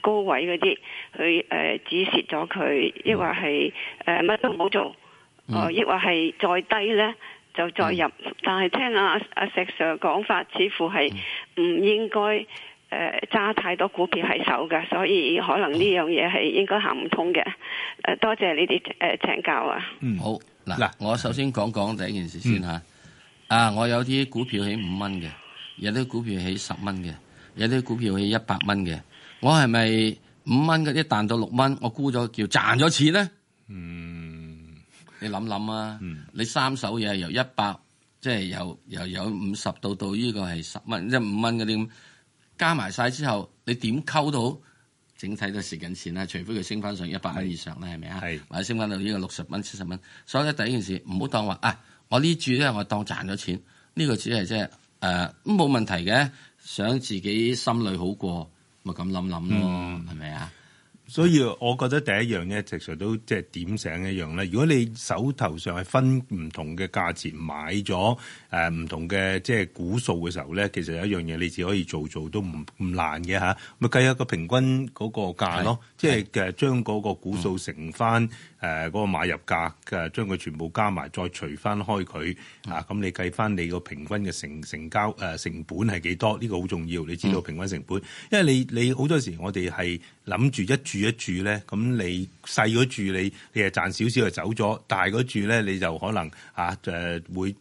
高位嗰啲去誒、呃、止蝕咗佢，抑或係乜、呃、都冇做，哦、mm. 呃，抑或係再低呢？就、嗯、再入，但係聽阿阿、啊啊、石 Sir 講法，似乎係唔應該誒揸太多股票喺手㗎，所以可能呢樣嘢係應該行唔通嘅。誒、呃，多謝你哋誒請教啊。嗯，好嗱嗱，我首先講講第一件事先吓、嗯。啊，我有啲股票起五蚊嘅，有啲股票起十蚊嘅，有啲股票起一百蚊嘅。我係咪五蚊嗰啲彈到六蚊，我沽咗叫賺咗錢咧？嗯。你諗諗啊！你三手嘢由一百，即係由由有五十到到呢個係十蚊，即係五蚊嗰啲咁，加埋晒之後，你點溝到整體都蝕緊錢啦？除非佢升翻上一百蚊以上啦，係咪啊？或者升翻到呢個六十蚊、七十蚊，所以咧第一件事唔好當話啊！我呢注咧我當賺咗錢，呢個只係即係誒冇問題嘅，想自己心裏好過，咪咁諗諗咯，係咪啊？所以我覺得第一樣咧，其實都即係點醒一樣咧。如果你手頭上係分唔同嘅價錢買咗誒唔同嘅、呃、即係股數嘅時候咧，其實有一樣嘢你只可以做做都唔唔難嘅吓，咪、啊、計一個平均嗰個價咯，即係誒將嗰個股數乘翻誒、嗯呃嗰個買入價嘅，將佢全部加埋再除翻開佢啊！咁你計翻你個平均嘅成成交誒、呃、成本係幾多？呢個好重要，你知道平均成本，嗯、因為你你好多時候我哋係諗住一注。住一住咧，咁你細嗰住你，你係賺少少就走咗；大嗰住咧，你就可能吓誒會誒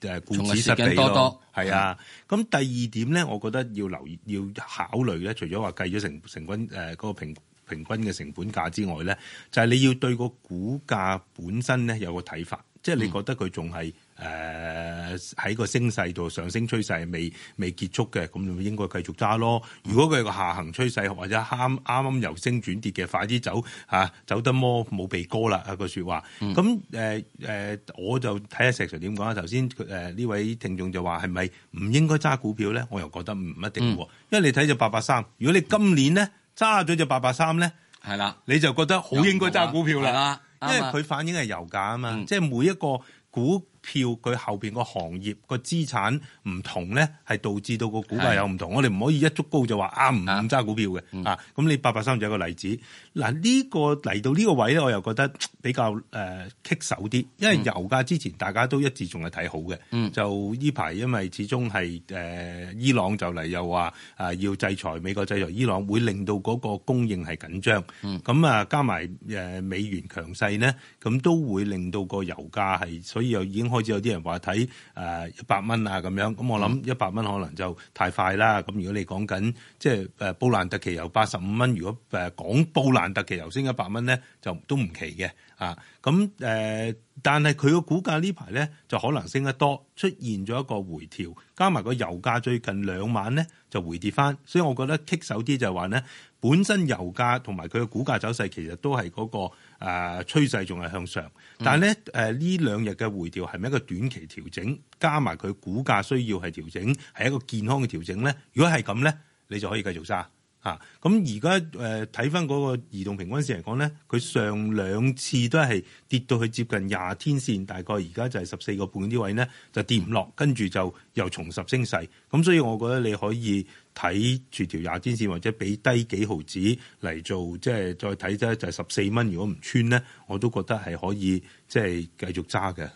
誒顧此失彼咯。係啊，咁、啊、第二點咧，我覺得要留意要考慮咧，除咗話計咗成，成均、呃那個、平，平均誒嗰個平平均嘅成本價之外咧，就係、是、你要對個股價本身咧有個睇法，即、嗯、係、就是、你覺得佢仲係。誒喺個升勢度，上升趨勢未未結束嘅，咁就應該繼續揸咯。如果佢係個下行趨勢或者啱啱由升轉跌嘅，快啲走嚇、啊，走得麼冇鼻哥啦，那個説話。咁誒誒，我就睇下石 Sir 點講啦。頭先誒呢位聽眾就話係咪唔應該揸股票咧？我又覺得唔一定，嗯、因為你睇隻八八三，如果你今年咧揸咗隻八八三咧，係啦，你就覺得好應該揸股票啦，因為佢反映係油價啊嘛，即係每一個股票佢後邊個行業個資產唔同咧，係導致到個股價有唔同。我哋唔可以一足高就話啊唔揸股票嘅啊。咁、嗯啊、你八八三就一個例子。嗱、啊、呢、呢個嚟到呢個位咧，我又覺得比較誒、呃、棘手啲，因為油價之前大家都一致仲係睇好嘅、嗯。就呢排因為始終係誒、呃、伊朗就嚟又話啊、呃、要制裁美國制裁伊朗，會令到嗰個供應係緊張。咁、嗯、啊加埋誒、呃、美元強勢咧，咁都會令到個油價係所以又已經開。好似有啲人話睇誒一百蚊啊咁樣，咁我諗一百蚊可能就太快啦。咁如果你講緊即係誒布蘭特期油八十五蚊，如果誒講布蘭特期油升一百蚊咧，就都唔奇嘅。啊，咁、呃、但係佢個股價呢排咧，就可能升得多，出現咗一個回調，加埋個油價最近兩晚咧就回跌翻，所以我覺得棘手啲就係話咧，本身油價同埋佢個股價走勢其實都係嗰、那個誒、呃、趨勢仲係向上，嗯、但係咧呢兩日嘅回調係咪一個短期調整，加埋佢股價需要係調整，係一個健康嘅調整咧？如果係咁咧，你就可以繼續揸。啊，咁而家誒睇翻嗰個移動平均線嚟講咧，佢上兩次都係跌到去接近廿天線，大概而家就係十四個半啲位咧，就跌唔落，跟住就又重拾升勢。咁所以我覺得你可以睇住條廿天線，或者俾低幾毫子嚟做，即係再睇啫。就十四蚊，如果唔穿咧，我都覺得係可以即係繼續揸嘅。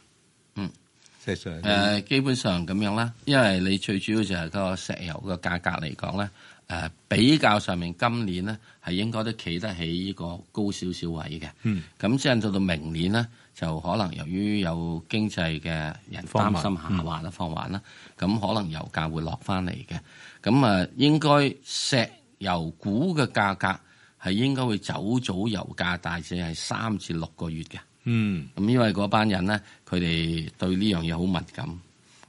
嗯，即係誒，基本上咁樣啦，因為你最主要就係個石油嘅價格嚟講咧。誒、啊、比較上面，今年咧係應該都企得起呢個高少少位嘅。嗯，咁即係做到明年咧，就可能由於有經濟嘅人擔心下滑啦、嗯，放緩啦，咁可能油價會落翻嚟嘅。咁啊，應該石油股嘅價格係應該會走早油價大致係三至六個月嘅。嗯，咁因為嗰班人咧，佢哋對呢樣嘢好敏感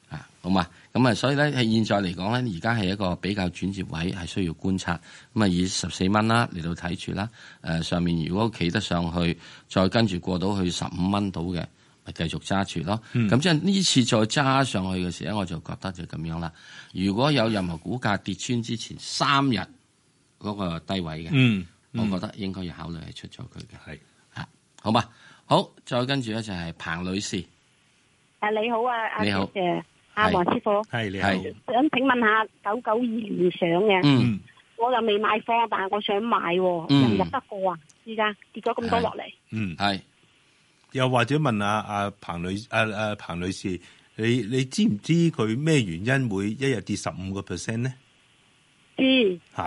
啊，好嘛？咁啊，所以咧喺現在嚟講咧，而家係一個比較轉折位，係需要觀察。咁啊，以十四蚊啦嚟到睇住啦。誒，上面如果企得上去，再跟住過到去十五蚊到嘅，咪繼續揸住咯。咁即係呢次再揸上去嘅時候，我就覺得就咁樣啦。如果有任何股價跌穿之前三日嗰個低位嘅、嗯，嗯，我覺得應該要考慮係出咗佢嘅。係吓、啊，好嘛？好，再跟住咧就係彭女士、啊。你好啊，你好嘅。啊阿、啊、黃師傅，係你好，想請問下九九二聯想嘅，我又未買貨，但係我想買，入、嗯、唔入得過啊？而家跌咗咁多落嚟。嗯係，又或者問下阿、啊、彭女阿阿、啊、彭女士，你你知唔知佢咩原因會一日跌十五個 percent 呢？知、嗯，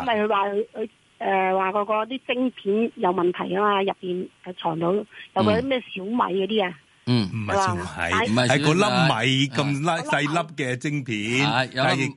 因為佢話佢誒話嗰個啲晶片有問題啊嘛，入邊誒藏到有個啲咩小米嗰啲啊。嗯，唔係就係，唔係係個粒米咁粒細粒嘅晶片，啊、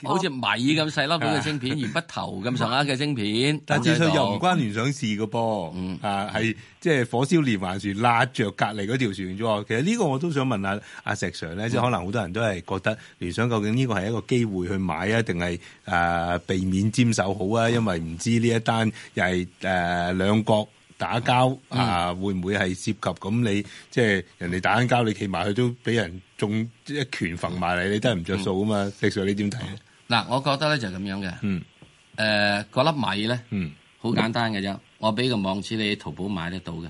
好似米咁細粒嘅晶片，啊、而筆頭咁上下嘅晶片。啊、但係事實又唔關聯想事㗎噃、嗯，啊，係即係火燒連環船，拉着隔離嗰條船啫喎。其實呢個我都想問下阿、啊、石 Sir 咧，即係可能好多人都係覺得聯想究竟呢個係一個機會去買啊，定係誒避免沾手好啊？因為唔知呢一單又係誒、啊、兩國。打交、嗯、啊，會唔會係涉及咁、嗯嗯？你即係人哋打緊交，你企埋去都俾人中即一拳揈埋嚟，你都係唔着數啊嘛？Sir，、嗯、你點睇？嗱、嗯嗯，我覺得咧就係咁樣嘅。嗯。誒、呃，嗰粒米咧，嗯，好簡單嘅啫、嗯。我俾個網址你，喺淘寶買得到嘅。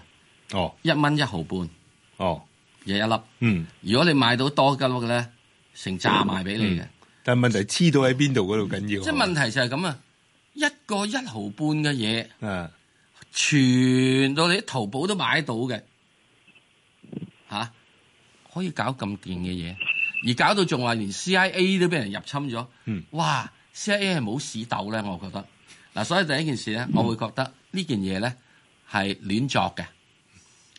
哦。一蚊一毫半。哦。嘢一粒。嗯。如果你買到多粒嘅咧，成紮賣俾你嘅、嗯嗯。但問題黐到喺邊度嗰度緊要。即係問題就係咁啊！一個一毫半嘅嘢。啊。全到你啲淘寶都買到嘅吓、啊，可以搞咁勁嘅嘢，而搞到仲話連 CIA 都俾人入侵咗、嗯。哇！CIA 係冇市豆咧，我覺得嗱、啊。所以第一件事咧、嗯，我會覺得件呢件嘢咧係亂作嘅，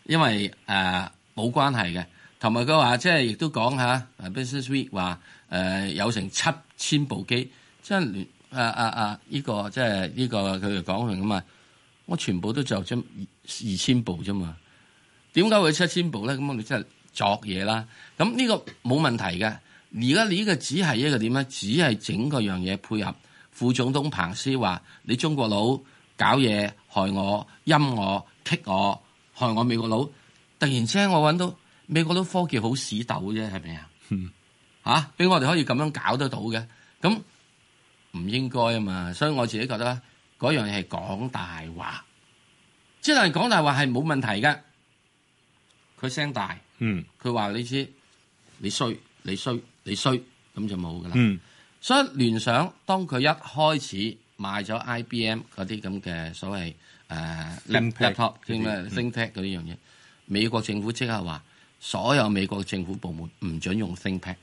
因為誒冇、呃、關係嘅。同埋佢話即係亦都講下 business week 話誒、呃、有成七千部機，即係聯誒誒誒呢個即係呢個佢哋講佢咁嘛。我全部都就咗二千部啫嘛，點解會七千部咧？咁我哋真係作嘢啦。咁呢個冇問題嘅。而家你呢個只係一個點咧？只係整個樣嘢，配合副總統彭斯話：你中國佬搞嘢，害我、陰我、棘我、我、害我美國佬。突然之間我搵到美國佬科技好屎斗啫，係咪、嗯、啊？吓，俾我哋可以咁樣搞得到嘅，咁唔應該啊嘛。所以我自己覺得。嗰樣嘢係講大話，即係講大話係冇問題嘅。佢聲大，嗯，佢話你知，你衰，你衰，你衰，咁就冇噶啦。所以聯想當佢一開始賣咗 IBM 嗰啲咁嘅所謂誒 laptop 叫咩？ThinkPad 嗰啲樣嘢，美國政府即刻話，所有美國政府部門唔准用 ThinkPad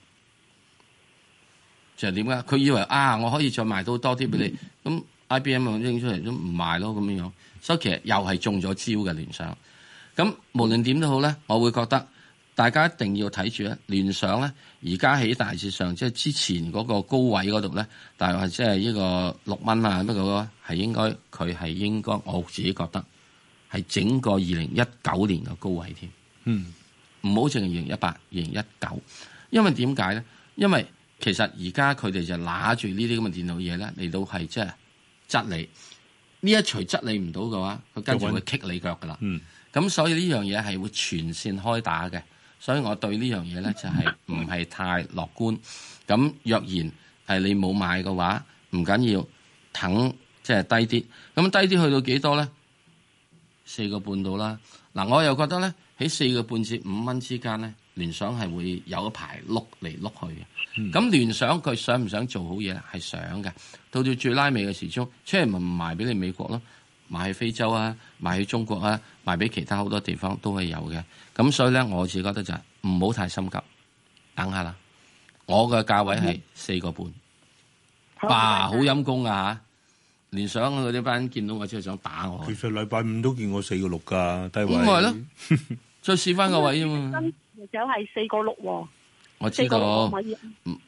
就。就點解？佢以為啊，我可以再賣到多啲俾你咁。嗯 I B M 拎出嚟都唔賣咯，咁樣樣，所以其實又係中咗招嘅聯想。咁無論點都好咧，我會覺得大家一定要睇住咧。聯想咧而家喺大市上，即係之前嗰個高位嗰度咧，大概即係呢個六蚊啊，不過係應該佢係應該我自己覺得係整個二零一九年嘅高位添。嗯，唔好淨係二零一八、二零一九，因為點解咧？因為其實而家佢哋就拿住呢啲咁嘅電腦嘢咧嚟到係即係。質你，呢一鎚質你唔到嘅話，佢跟住會踢你腳㗎喇。咁、嗯、所以呢樣嘢係會全線開打嘅，所以我對呢樣嘢咧就係唔係太樂觀。咁若然係你冇買嘅話，唔緊要，等即係、就是、低啲。咁低啲去到幾多咧？四個半度啦。嗱，我又覺得咧喺四個半至五蚊之間咧。聯想係會有一排碌嚟碌去嘅，咁、嗯、聯想佢想唔想做好嘢咧？係想嘅。到到最拉尾嘅時鐘，即係唔賣俾你美國咯，賣去非洲啊，賣去中國啊，賣俾其他好多地方都係有嘅。咁所以咧，我自己覺得就係唔好太心急，等下啦。我嘅價位係四個半，哇，好陰功啊吓！聯想嗰啲班見到我之後、就是、想打我，其實禮拜五都見我四個六噶低位，咁咪咯， 再試翻個位啊嘛。就係四個六，哦，我知道個個，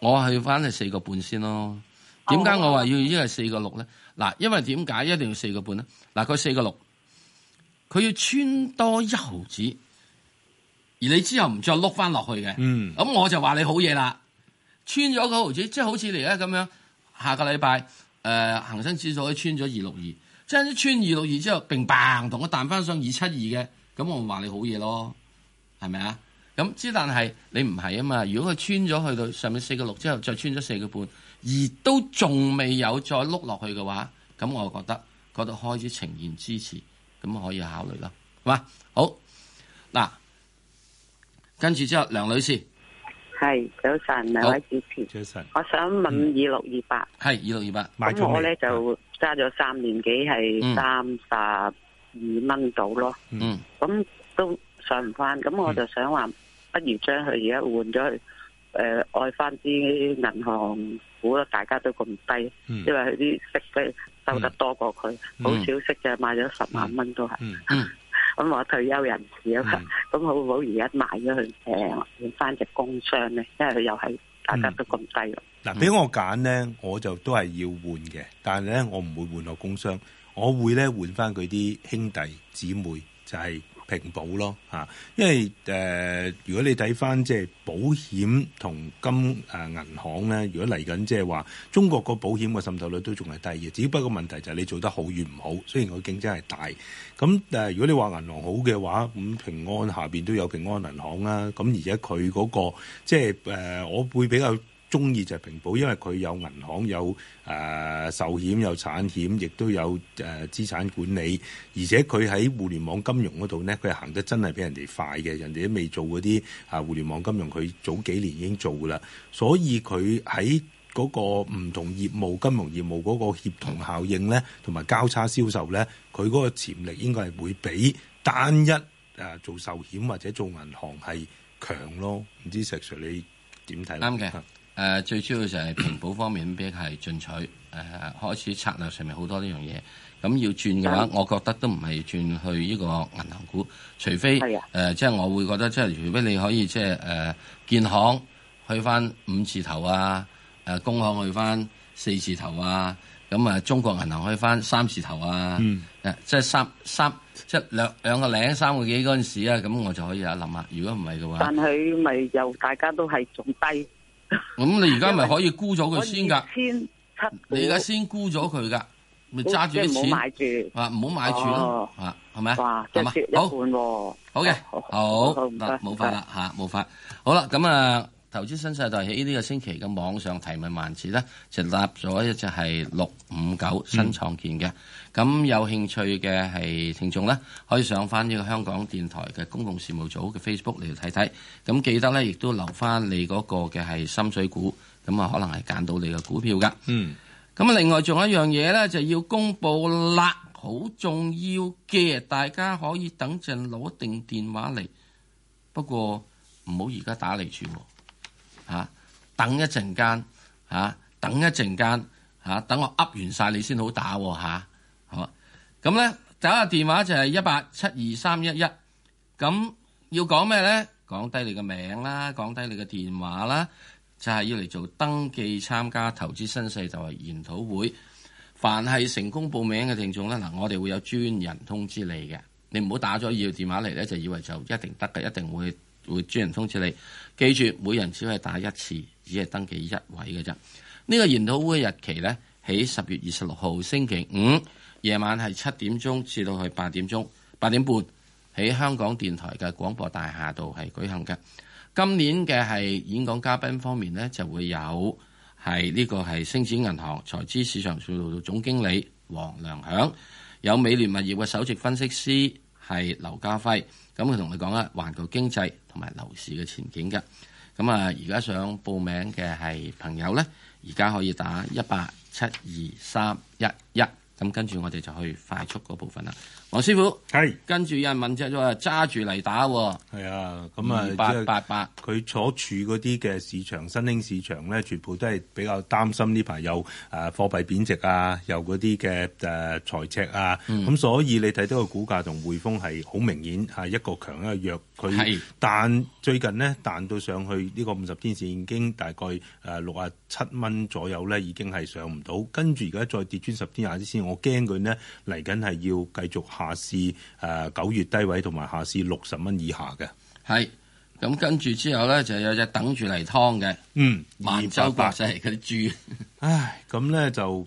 我去返翻係四個半先咯。點、哦、解我話要一係四個六咧？嗱，因為點解一定要四個半咧？嗱，佢四個六，佢要穿多一毫子，而你之後唔再碌翻落去嘅，嗯，咁我就話你好嘢啦。穿咗個毫子，即、就、係、是、好似你呢咁樣。下個禮拜誒、恆、呃、生指數穿咗二六二，即係穿二六二之後，並棒，同我彈翻上二七二嘅，咁我話你好嘢咯。係咪啊？咁之但係你唔係啊嘛。如果佢穿咗去到上面四個六之後，再穿咗四個半，而都仲未有再碌落去嘅話，咁我覺得覺得開始呈現支持，咁可以考慮啦。好嘛？好嗱，跟住之後梁女士，係早晨，兩位主持，早晨，我想問二六二八，係二六二八，咁我呢就揸咗三年幾，係三十二蚊度咯。嗯，咁、嗯嗯、都。上唔翻，咁我就想話，不如將佢而家換咗去，誒、嗯呃，愛翻啲銀行股咯，大家都咁低，嗯，因為佢啲息稅收得多過佢，好，嗯、少息嘅，買咗十萬蚊都係，咁、嗯嗯、 我退休人士啊嘛，咁、嗯、 好唔好而家買咗去誒，換翻隻工商咧？因為佢又係大家都咁低咯。嗱，嗯，俾，啊、我揀咧，我就都係要換嘅，但係咧，我唔會換落工商，我會咧換翻佢啲兄弟姊妹，就係、是。平保咯，嚇，因為誒、呃，如果你睇翻即係保險同金誒、呃、銀行咧，如果嚟緊即係話，中國個保險個滲透率都仲係低嘅，只不過問題就係你做得好與唔好。雖然佢競爭係大，咁誒、呃，如果你話銀行好嘅話，咁平安下邊都有平安銀行啦，咁而且佢嗰、嗰個即係誒、呃，我會比較中意就係平保，因為佢有銀行有誒壽、呃、險有產險，亦都有誒、呃、資產管理，而且佢喺互聯網金融嗰度咧，佢係行得真係比人哋快嘅，人哋都未做嗰啲啊互聯網金融，佢早幾年已經做啦，所以佢喺嗰個唔同業務金融業務嗰個協同效應咧，同埋交叉銷售咧，佢嗰個潛力應該係會比單一誒、呃、做壽險或者做銀行係強咯。唔知石 Sir 你點睇咧？啱嘅。誒、啊、最主要就係平保方面比較係進取，誒、啊、開始策略上面好多呢樣嘢。咁、啊、要轉嘅話，我覺得都唔係轉去呢個銀行股，除非誒，即係、啊啊就是、我會覺得，即係除非你可以即係誒建行去翻五字頭啊，誒、啊、工行去翻四字頭啊，咁啊，啊中國銀行去翻三字頭啊，誒即係三三即係、就是、兩兩個零三個幾嗰陣時啊，咁我就可以有諗下。如果唔係嘅話，但係咪又大家都係仲低？咁你而家咪可以沽咗佢先㗎，你而家先沽咗佢㗎，咪揸住啲錢唔好買住啊，唔好買住咯，啊，係咪啊？哇，好嘅，好，唔該，冇法啦吓，冇法，好啦，咁啊。投資新世代喺呢個星期嘅網上提問環節呢就立咗一隻係六五九新創建嘅。咁、嗯、有興趣嘅係聽眾呢，可以上翻呢個香港電台嘅公共事務組嘅 Facebook 嚟睇睇。咁記得呢，亦都留翻你嗰個嘅係深水股，咁啊，可能係揀到你嘅股票噶。嗯，咁啊，另外仲有一樣嘢呢，就要公布啦，好重要嘅，大家可以等陣攞定電話嚟。不過唔好而家打嚟住。嚇、啊！等一陣間，嚇、啊！等一陣間，嚇、啊！等我噏完晒你先好打喎、啊、嚇、啊！好，咁咧打個電話就係一八七二三一一。咁要講咩咧？講低你個名啦，講低你個電話啦，就係、是、要嚟做登記參加投資新勢就係、是、研討會。凡係成功報名嘅聽眾咧，嗱，我哋會有專人通知你嘅。你唔好打咗二號電話嚟咧，就以為就一定得嘅，一定會。會專人通知你，記住每人只可以打一次，只係登記一位嘅啫。呢個研討會嘅日期呢？喺十月二十六號星期五夜晚係七點鐘至到去八點鐘，八點半喺香港電台嘅廣播大廈度係舉行嘅。今年嘅係演講嘉賓方面呢，就會有係呢個係星展銀行財資市場部總經理黃良響，有美聯物業嘅首席分析師係劉家輝。咁佢同你講啦，環球經濟同埋樓市嘅前景㗎。咁啊，而家想報名嘅係朋友呢，而家可以打一八七二三一一，咁跟住我哋就去快速嗰部分啦。王師傅係，跟住有人問啫，咗，揸住嚟打喎。係啊，咁啊八八八，即係。佢所處嗰啲嘅市場，新興市場咧，全部都係比較擔心呢排有誒貨幣貶值啊，有嗰啲嘅誒財赤啊。咁、嗯、所以你睇到個股價同匯豐係好明顯係一個強一個弱。佢但最近呢，彈到上去呢個五十天線已經大概誒六啊七蚊左右咧，已經係上唔到。跟住而家再跌穿十天廿天線，我驚佢呢嚟緊係要繼續。下市誒九月低位同埋下市六十蚊以下嘅，係咁跟住之後咧就有一隻等住嚟劏嘅，嗯，萬洲國際係嗰啲豬，唉。 咁咧就誒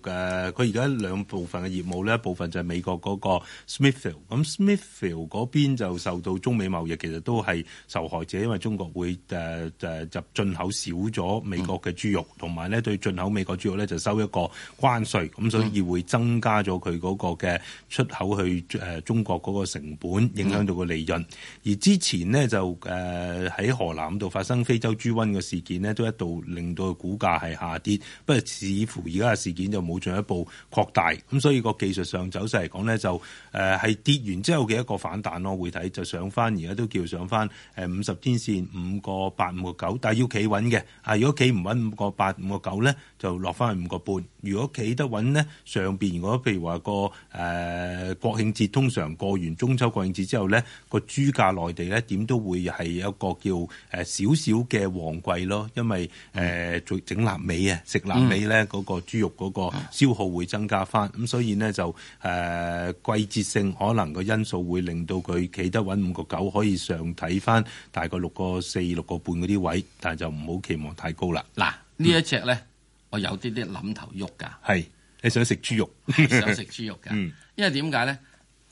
佢而家兩部分嘅業務咧，一部分就係美國嗰個 Smithfield。咁 Smithfield 嗰邊就受到中美貿易其實都係受害者，因為中國會誒誒就進口少咗美國嘅豬肉，同埋咧對進口美國豬肉咧就收一個關稅，咁所以會增加咗佢嗰個嘅出口去誒中國嗰個成本，影響到個利潤。而之前呢就誒喺、呃、河南度發生非洲豬瘟嘅事件咧，都一度令到股價係下跌，不過似乎。而家嘅事件就冇進一步擴大，咁所以個技術上走勢嚟講咧，就誒係跌完之後嘅一個反彈咯。會睇就上翻，而家都叫上翻誒五十天線五個八五個九，5 5但係要企穩嘅。啊，如果企唔穩五個八五個九咧？就落翻去五個半。如果企得穩呢，上邊如果譬如話個誒國慶節，通常過完中秋國慶節之後呢，個豬價內地呢點都會係有一個叫誒少少嘅旺季咯。因為誒、嗯呃、做整臘尾啊，食臘味呢嗰個豬肉嗰個消耗會增加翻，咁、嗯、所以呢，就、呃、誒季節性可能個因素會令到佢企得穩五個九，可以上睇翻大概六個四、六個半嗰啲位，但就唔好期望太高啦。嗱，呢一隻呢。嗯我有啲啲諗頭喐㗎，係你想食豬肉， 想食豬肉㗎、嗯，因為點解咧？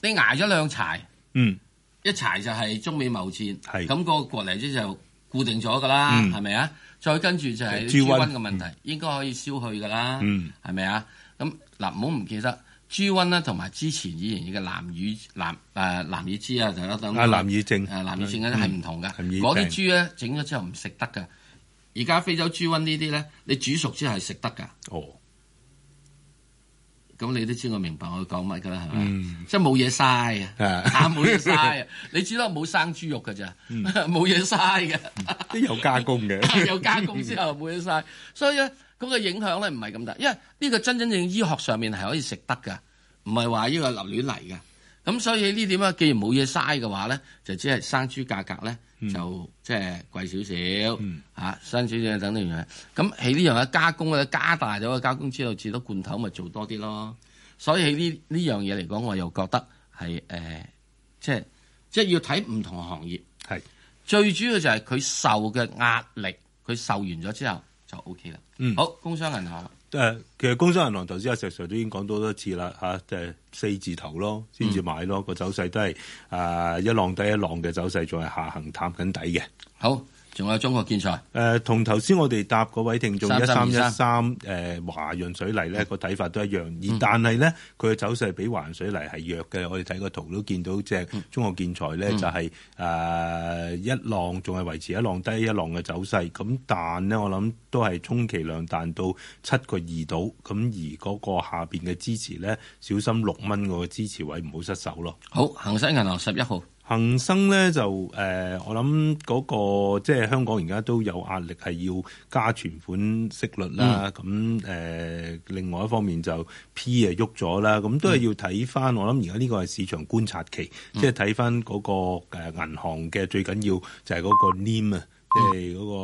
你挨咗兩柴、嗯，一柴就係中美貿戰，咁個國嚟即就固定咗㗎啦，係咪啊？再跟住就係豬瘟嘅問題、嗯，應該可以消去㗎啦，係咪啊？咁嗱，唔好唔記得豬瘟咧，同埋之前以前嘅藍耳藍誒藍耳豬啊，就等等啊藍耳症啊藍耳症咧係唔同㗎，嗰、嗯、啲豬咧整咗之後唔食得㗎。而家非洲豬瘟呢啲咧，你煮熟之後係食得噶。哦，咁你都知我明白我講乜噶啦，係咪？即係冇嘢嘥啊！冇嘢嘥啊！你只不過冇生豬肉噶咋，冇嘢嘥嘅。都有加工嘅，有加工之後冇嘢嘥，所以咧，嗰個影響咧唔係咁大，因為呢個真真正正醫學上面係可以食得噶，唔係話呢個流亂嚟嘅。咁所以呢點啊，既然冇嘢嘥嘅話咧，就只係生豬價格咧。嗯、就即係貴少、嗯啊、少，吓新少少等等嘢。咁喺呢樣嘢加工咧，加大咗個加工之後，至到罐頭咪做多啲咯。所以喺呢呢樣嘢嚟講，我又覺得係誒、呃，即係即係要睇唔同行業。係最主要就係佢受嘅壓力，佢受完咗之後就 OK 啦。嗯，好，工商銀行。誒、呃，其實工商銀行投資阿石 Sir 都已經講多多次啦，嚇、啊，即、就、係、是、四字頭咯，先至買咯，個、嗯、走勢都係啊、呃、一浪低一浪嘅走勢，仲係下行探緊底嘅。好。仲有中國建材，誒同頭先我哋答嗰位聽眾一三一三誒華潤水泥咧個睇法都一樣，而但係咧佢嘅走勢比環水泥係弱嘅，我哋睇個圖都見到，即係中國建材咧、嗯、就係、是、誒、呃、一浪仲係維持一浪低一浪嘅走勢，咁但呢，我諗都係充其量彈到七個二度，咁而嗰個下面嘅支持咧，小心六蚊個支持位唔好失手咯。好，恒生銀行十一號。恒生咧就誒、呃、我諗嗰即係香港而家都有壓力，係要加存款息率啦。咁、嗯、誒、呃、另外一方面就 P 啊喐咗啦。咁都係要睇翻、嗯，我諗而家呢個係市場觀察期，即係睇翻嗰誒銀行嘅最緊要就係嗰個 NIM 啊、嗯，即係嗰